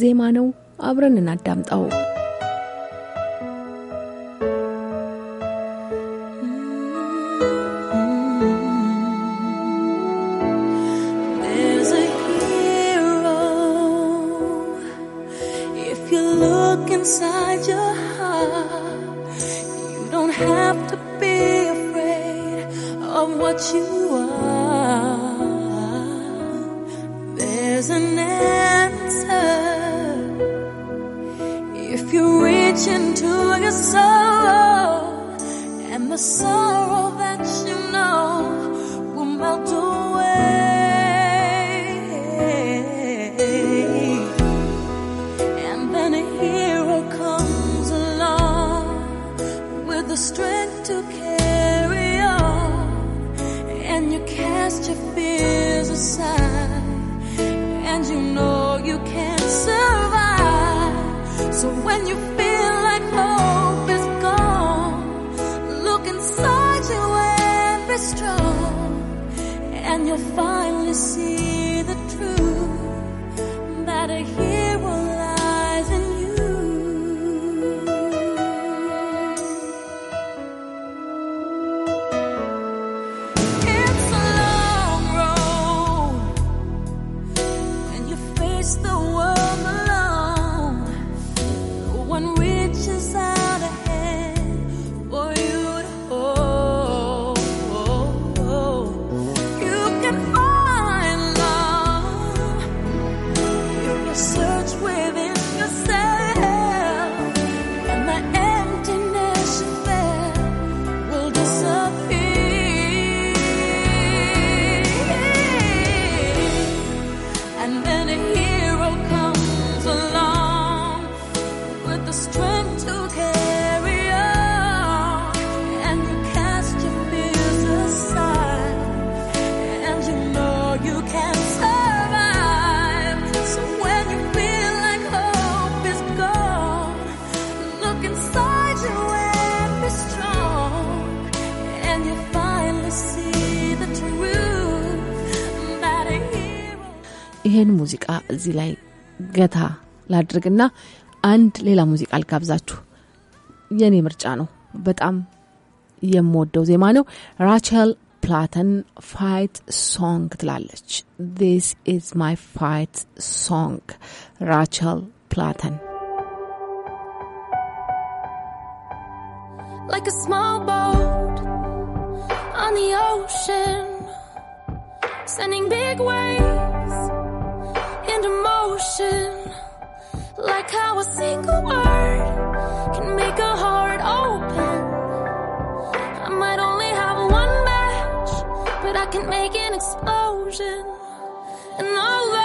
ዜማ ነው። አብረን እናዳምጠው። to carry on, and you cast your fears aside, and you know you can't survive. So when you feel like hope is gone, look inside you and be strong, and you'll finally see the truth that a እዚህ ላይ ገታ ላድርግና አንድ ሌላ ሙዚቃ ልጋብዛችሁ። የእኔ ምርጫ ነው። በጣም የምወደው ዜማ ነው። ራቸል ፕላተን ፋይት ሶንግ ትላለች። ዚስ ኢዝ ማይ ፋይት ሶንግ ራቸል ፕላተን Like a small boat on the ocean, sending big waves. like how a single word can make a heart open I might only have one match but I can make an explosion and all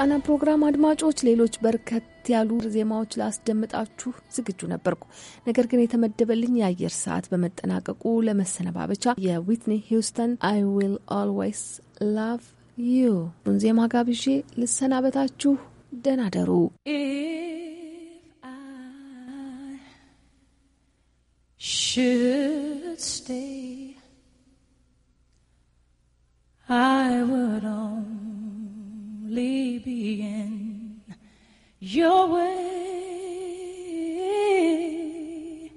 ቃና ፕሮግራም አድማጮች፣ ሌሎች በርከት ያሉ ዜማዎች ላስደምጣችሁ ዝግጁ ነበርኩ። ነገር ግን የተመደበልኝ የአየር ሰዓት በመጠናቀቁ ለመሰነባበቻ የዊትኒ ሂውስተን አይ ዊል ኦልዌይስ ላቭ ዩ ዜማ ጋብዤ ልሰናበታችሁ። ደህና ደሩ። Should stay, I will. your way,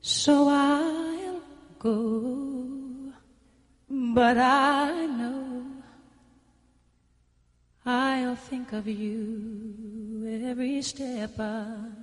so I'll go. But I know I'll think of you every step of.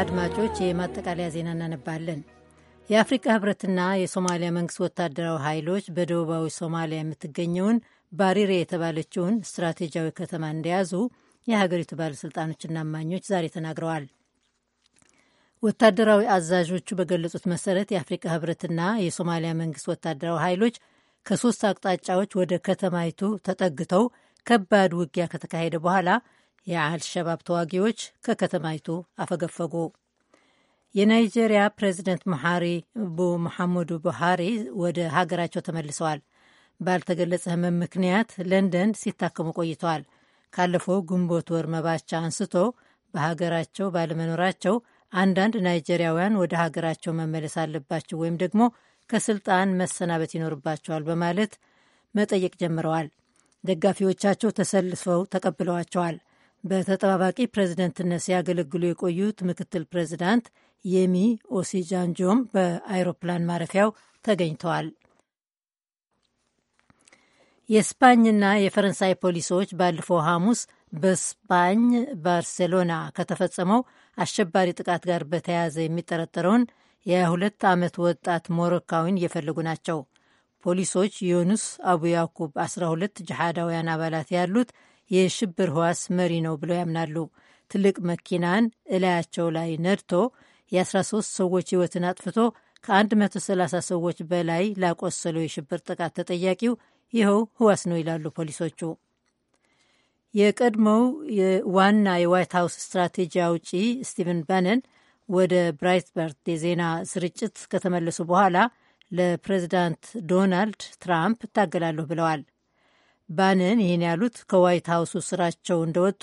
አድማጮች የማጠቃለያ ዜና እናነባለን። የአፍሪካ ህብረትና የሶማሊያ መንግስት ወታደራዊ ኃይሎች በደቡባዊ ሶማሊያ የምትገኘውን ባሪሬ የተባለችውን ስትራቴጂያዊ ከተማ እንደያዙ የሀገሪቱ ባለሥልጣኖችና አማኞች ዛሬ ተናግረዋል። ወታደራዊ አዛዦቹ በገለጹት መሰረት የአፍሪካ ህብረትና የሶማሊያ መንግስት ወታደራዊ ኃይሎች ከሶስት አቅጣጫዎች ወደ ከተማይቱ ተጠግተው ከባድ ውጊያ ከተካሄደ በኋላ የአልሸባብ ተዋጊዎች ከከተማይቱ አፈገፈጉ። የናይጄሪያ ፕሬዚደንት መሐሪ ቡ መሐመዱ ቡሃሪ ወደ ሀገራቸው ተመልሰዋል። ባልተገለጸ ህመም ምክንያት ለንደን ሲታከሙ ቆይተዋል። ካለፈው ግንቦት ወር መባቻ አንስቶ በሀገራቸው ባለመኖራቸው አንዳንድ ናይጄሪያውያን ወደ ሀገራቸው መመለስ አለባቸው ወይም ደግሞ ከስልጣን መሰናበት ይኖርባቸዋል በማለት መጠየቅ ጀምረዋል። ደጋፊዎቻቸው ተሰልፈው ተቀብለዋቸዋል። በተጠባባቂ ፕሬዝደንትነት ሲያገለግሉ የቆዩት ምክትል ፕሬዝዳንት የሚ ኦሲጃንጆም በአይሮፕላን ማረፊያው ተገኝተዋል። የስፓኝና የፈረንሳይ ፖሊሶች ባለፈው ሐሙስ በስፓኝ ባርሴሎና ከተፈጸመው አሸባሪ ጥቃት ጋር በተያያዘ የሚጠረጠረውን የሁለት ዓመት ወጣት ሞሮካዊን እየፈለጉ ናቸው። ፖሊሶች ዮኑስ አቡ ያኩብ 12 ጅሃዳውያን አባላት ያሉት የሽብር ህዋስ መሪ ነው ብለው ያምናሉ። ትልቅ መኪናን እላያቸው ላይ ነድቶ የ13 ሰዎች ህይወትን አጥፍቶ ከ130 ሰዎች በላይ ላቆሰለው የሽብር ጥቃት ተጠያቂው ይኸው ህዋስ ነው ይላሉ ፖሊሶቹ። የቀድሞው ዋና የዋይት ሀውስ ስትራቴጂ አውጪ ስቲቨን ባነን ወደ ብራይትበርት የዜና ስርጭት ከተመለሱ በኋላ ለፕሬዚዳንት ዶናልድ ትራምፕ እታገላለሁ ብለዋል። ባነን ይህን ያሉት ከዋይት ሀውሱ ስራቸው እንደወጡ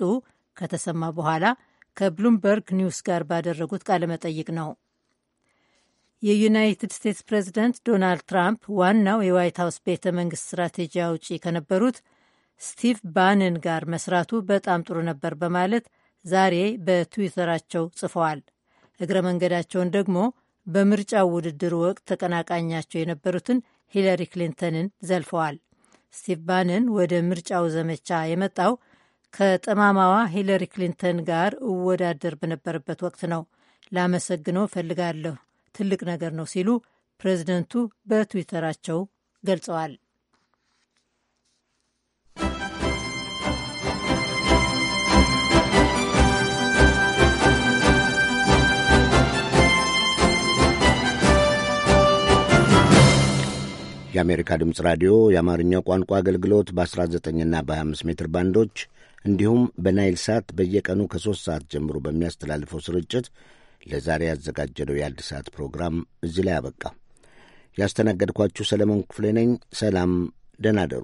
ከተሰማ በኋላ ከብሉምበርግ ኒውስ ጋር ባደረጉት ቃለ መጠይቅ ነው። የዩናይትድ ስቴትስ ፕሬዚደንት ዶናልድ ትራምፕ ዋናው የዋይት ሀውስ ቤተ መንግስት ስትራቴጂ አውጪ ከነበሩት ስቲቭ ባነን ጋር መስራቱ በጣም ጥሩ ነበር በማለት ዛሬ በትዊተራቸው ጽፈዋል። እግረ መንገዳቸውን ደግሞ በምርጫው ውድድር ወቅት ተቀናቃኛቸው የነበሩትን ሂለሪ ክሊንተንን ዘልፈዋል። ስቲቭ ባነን ወደ ምርጫው ዘመቻ የመጣው ከጠማማዋ ሂለሪ ክሊንተን ጋር እወዳደር በነበረበት ወቅት ነው። ላመሰግነው ፈልጋለሁ፣ ትልቅ ነገር ነው ሲሉ ፕሬዚደንቱ በትዊተራቸው ገልጸዋል። የአሜሪካ ድምፅ ራዲዮ የአማርኛው ቋንቋ አገልግሎት በ19ና በ25 ሜትር ባንዶች እንዲሁም በናይል ሳት በየቀኑ ከሦስት ሰዓት ጀምሮ በሚያስተላልፈው ስርጭት ለዛሬ ያዘጋጀለው የአንድ ሰዓት ፕሮግራም እዚህ ላይ አበቃ። ያስተናገድኳችሁ ሰለሞን ክፍሌ ነኝ። ሰላም፣ ደህና አደሩ።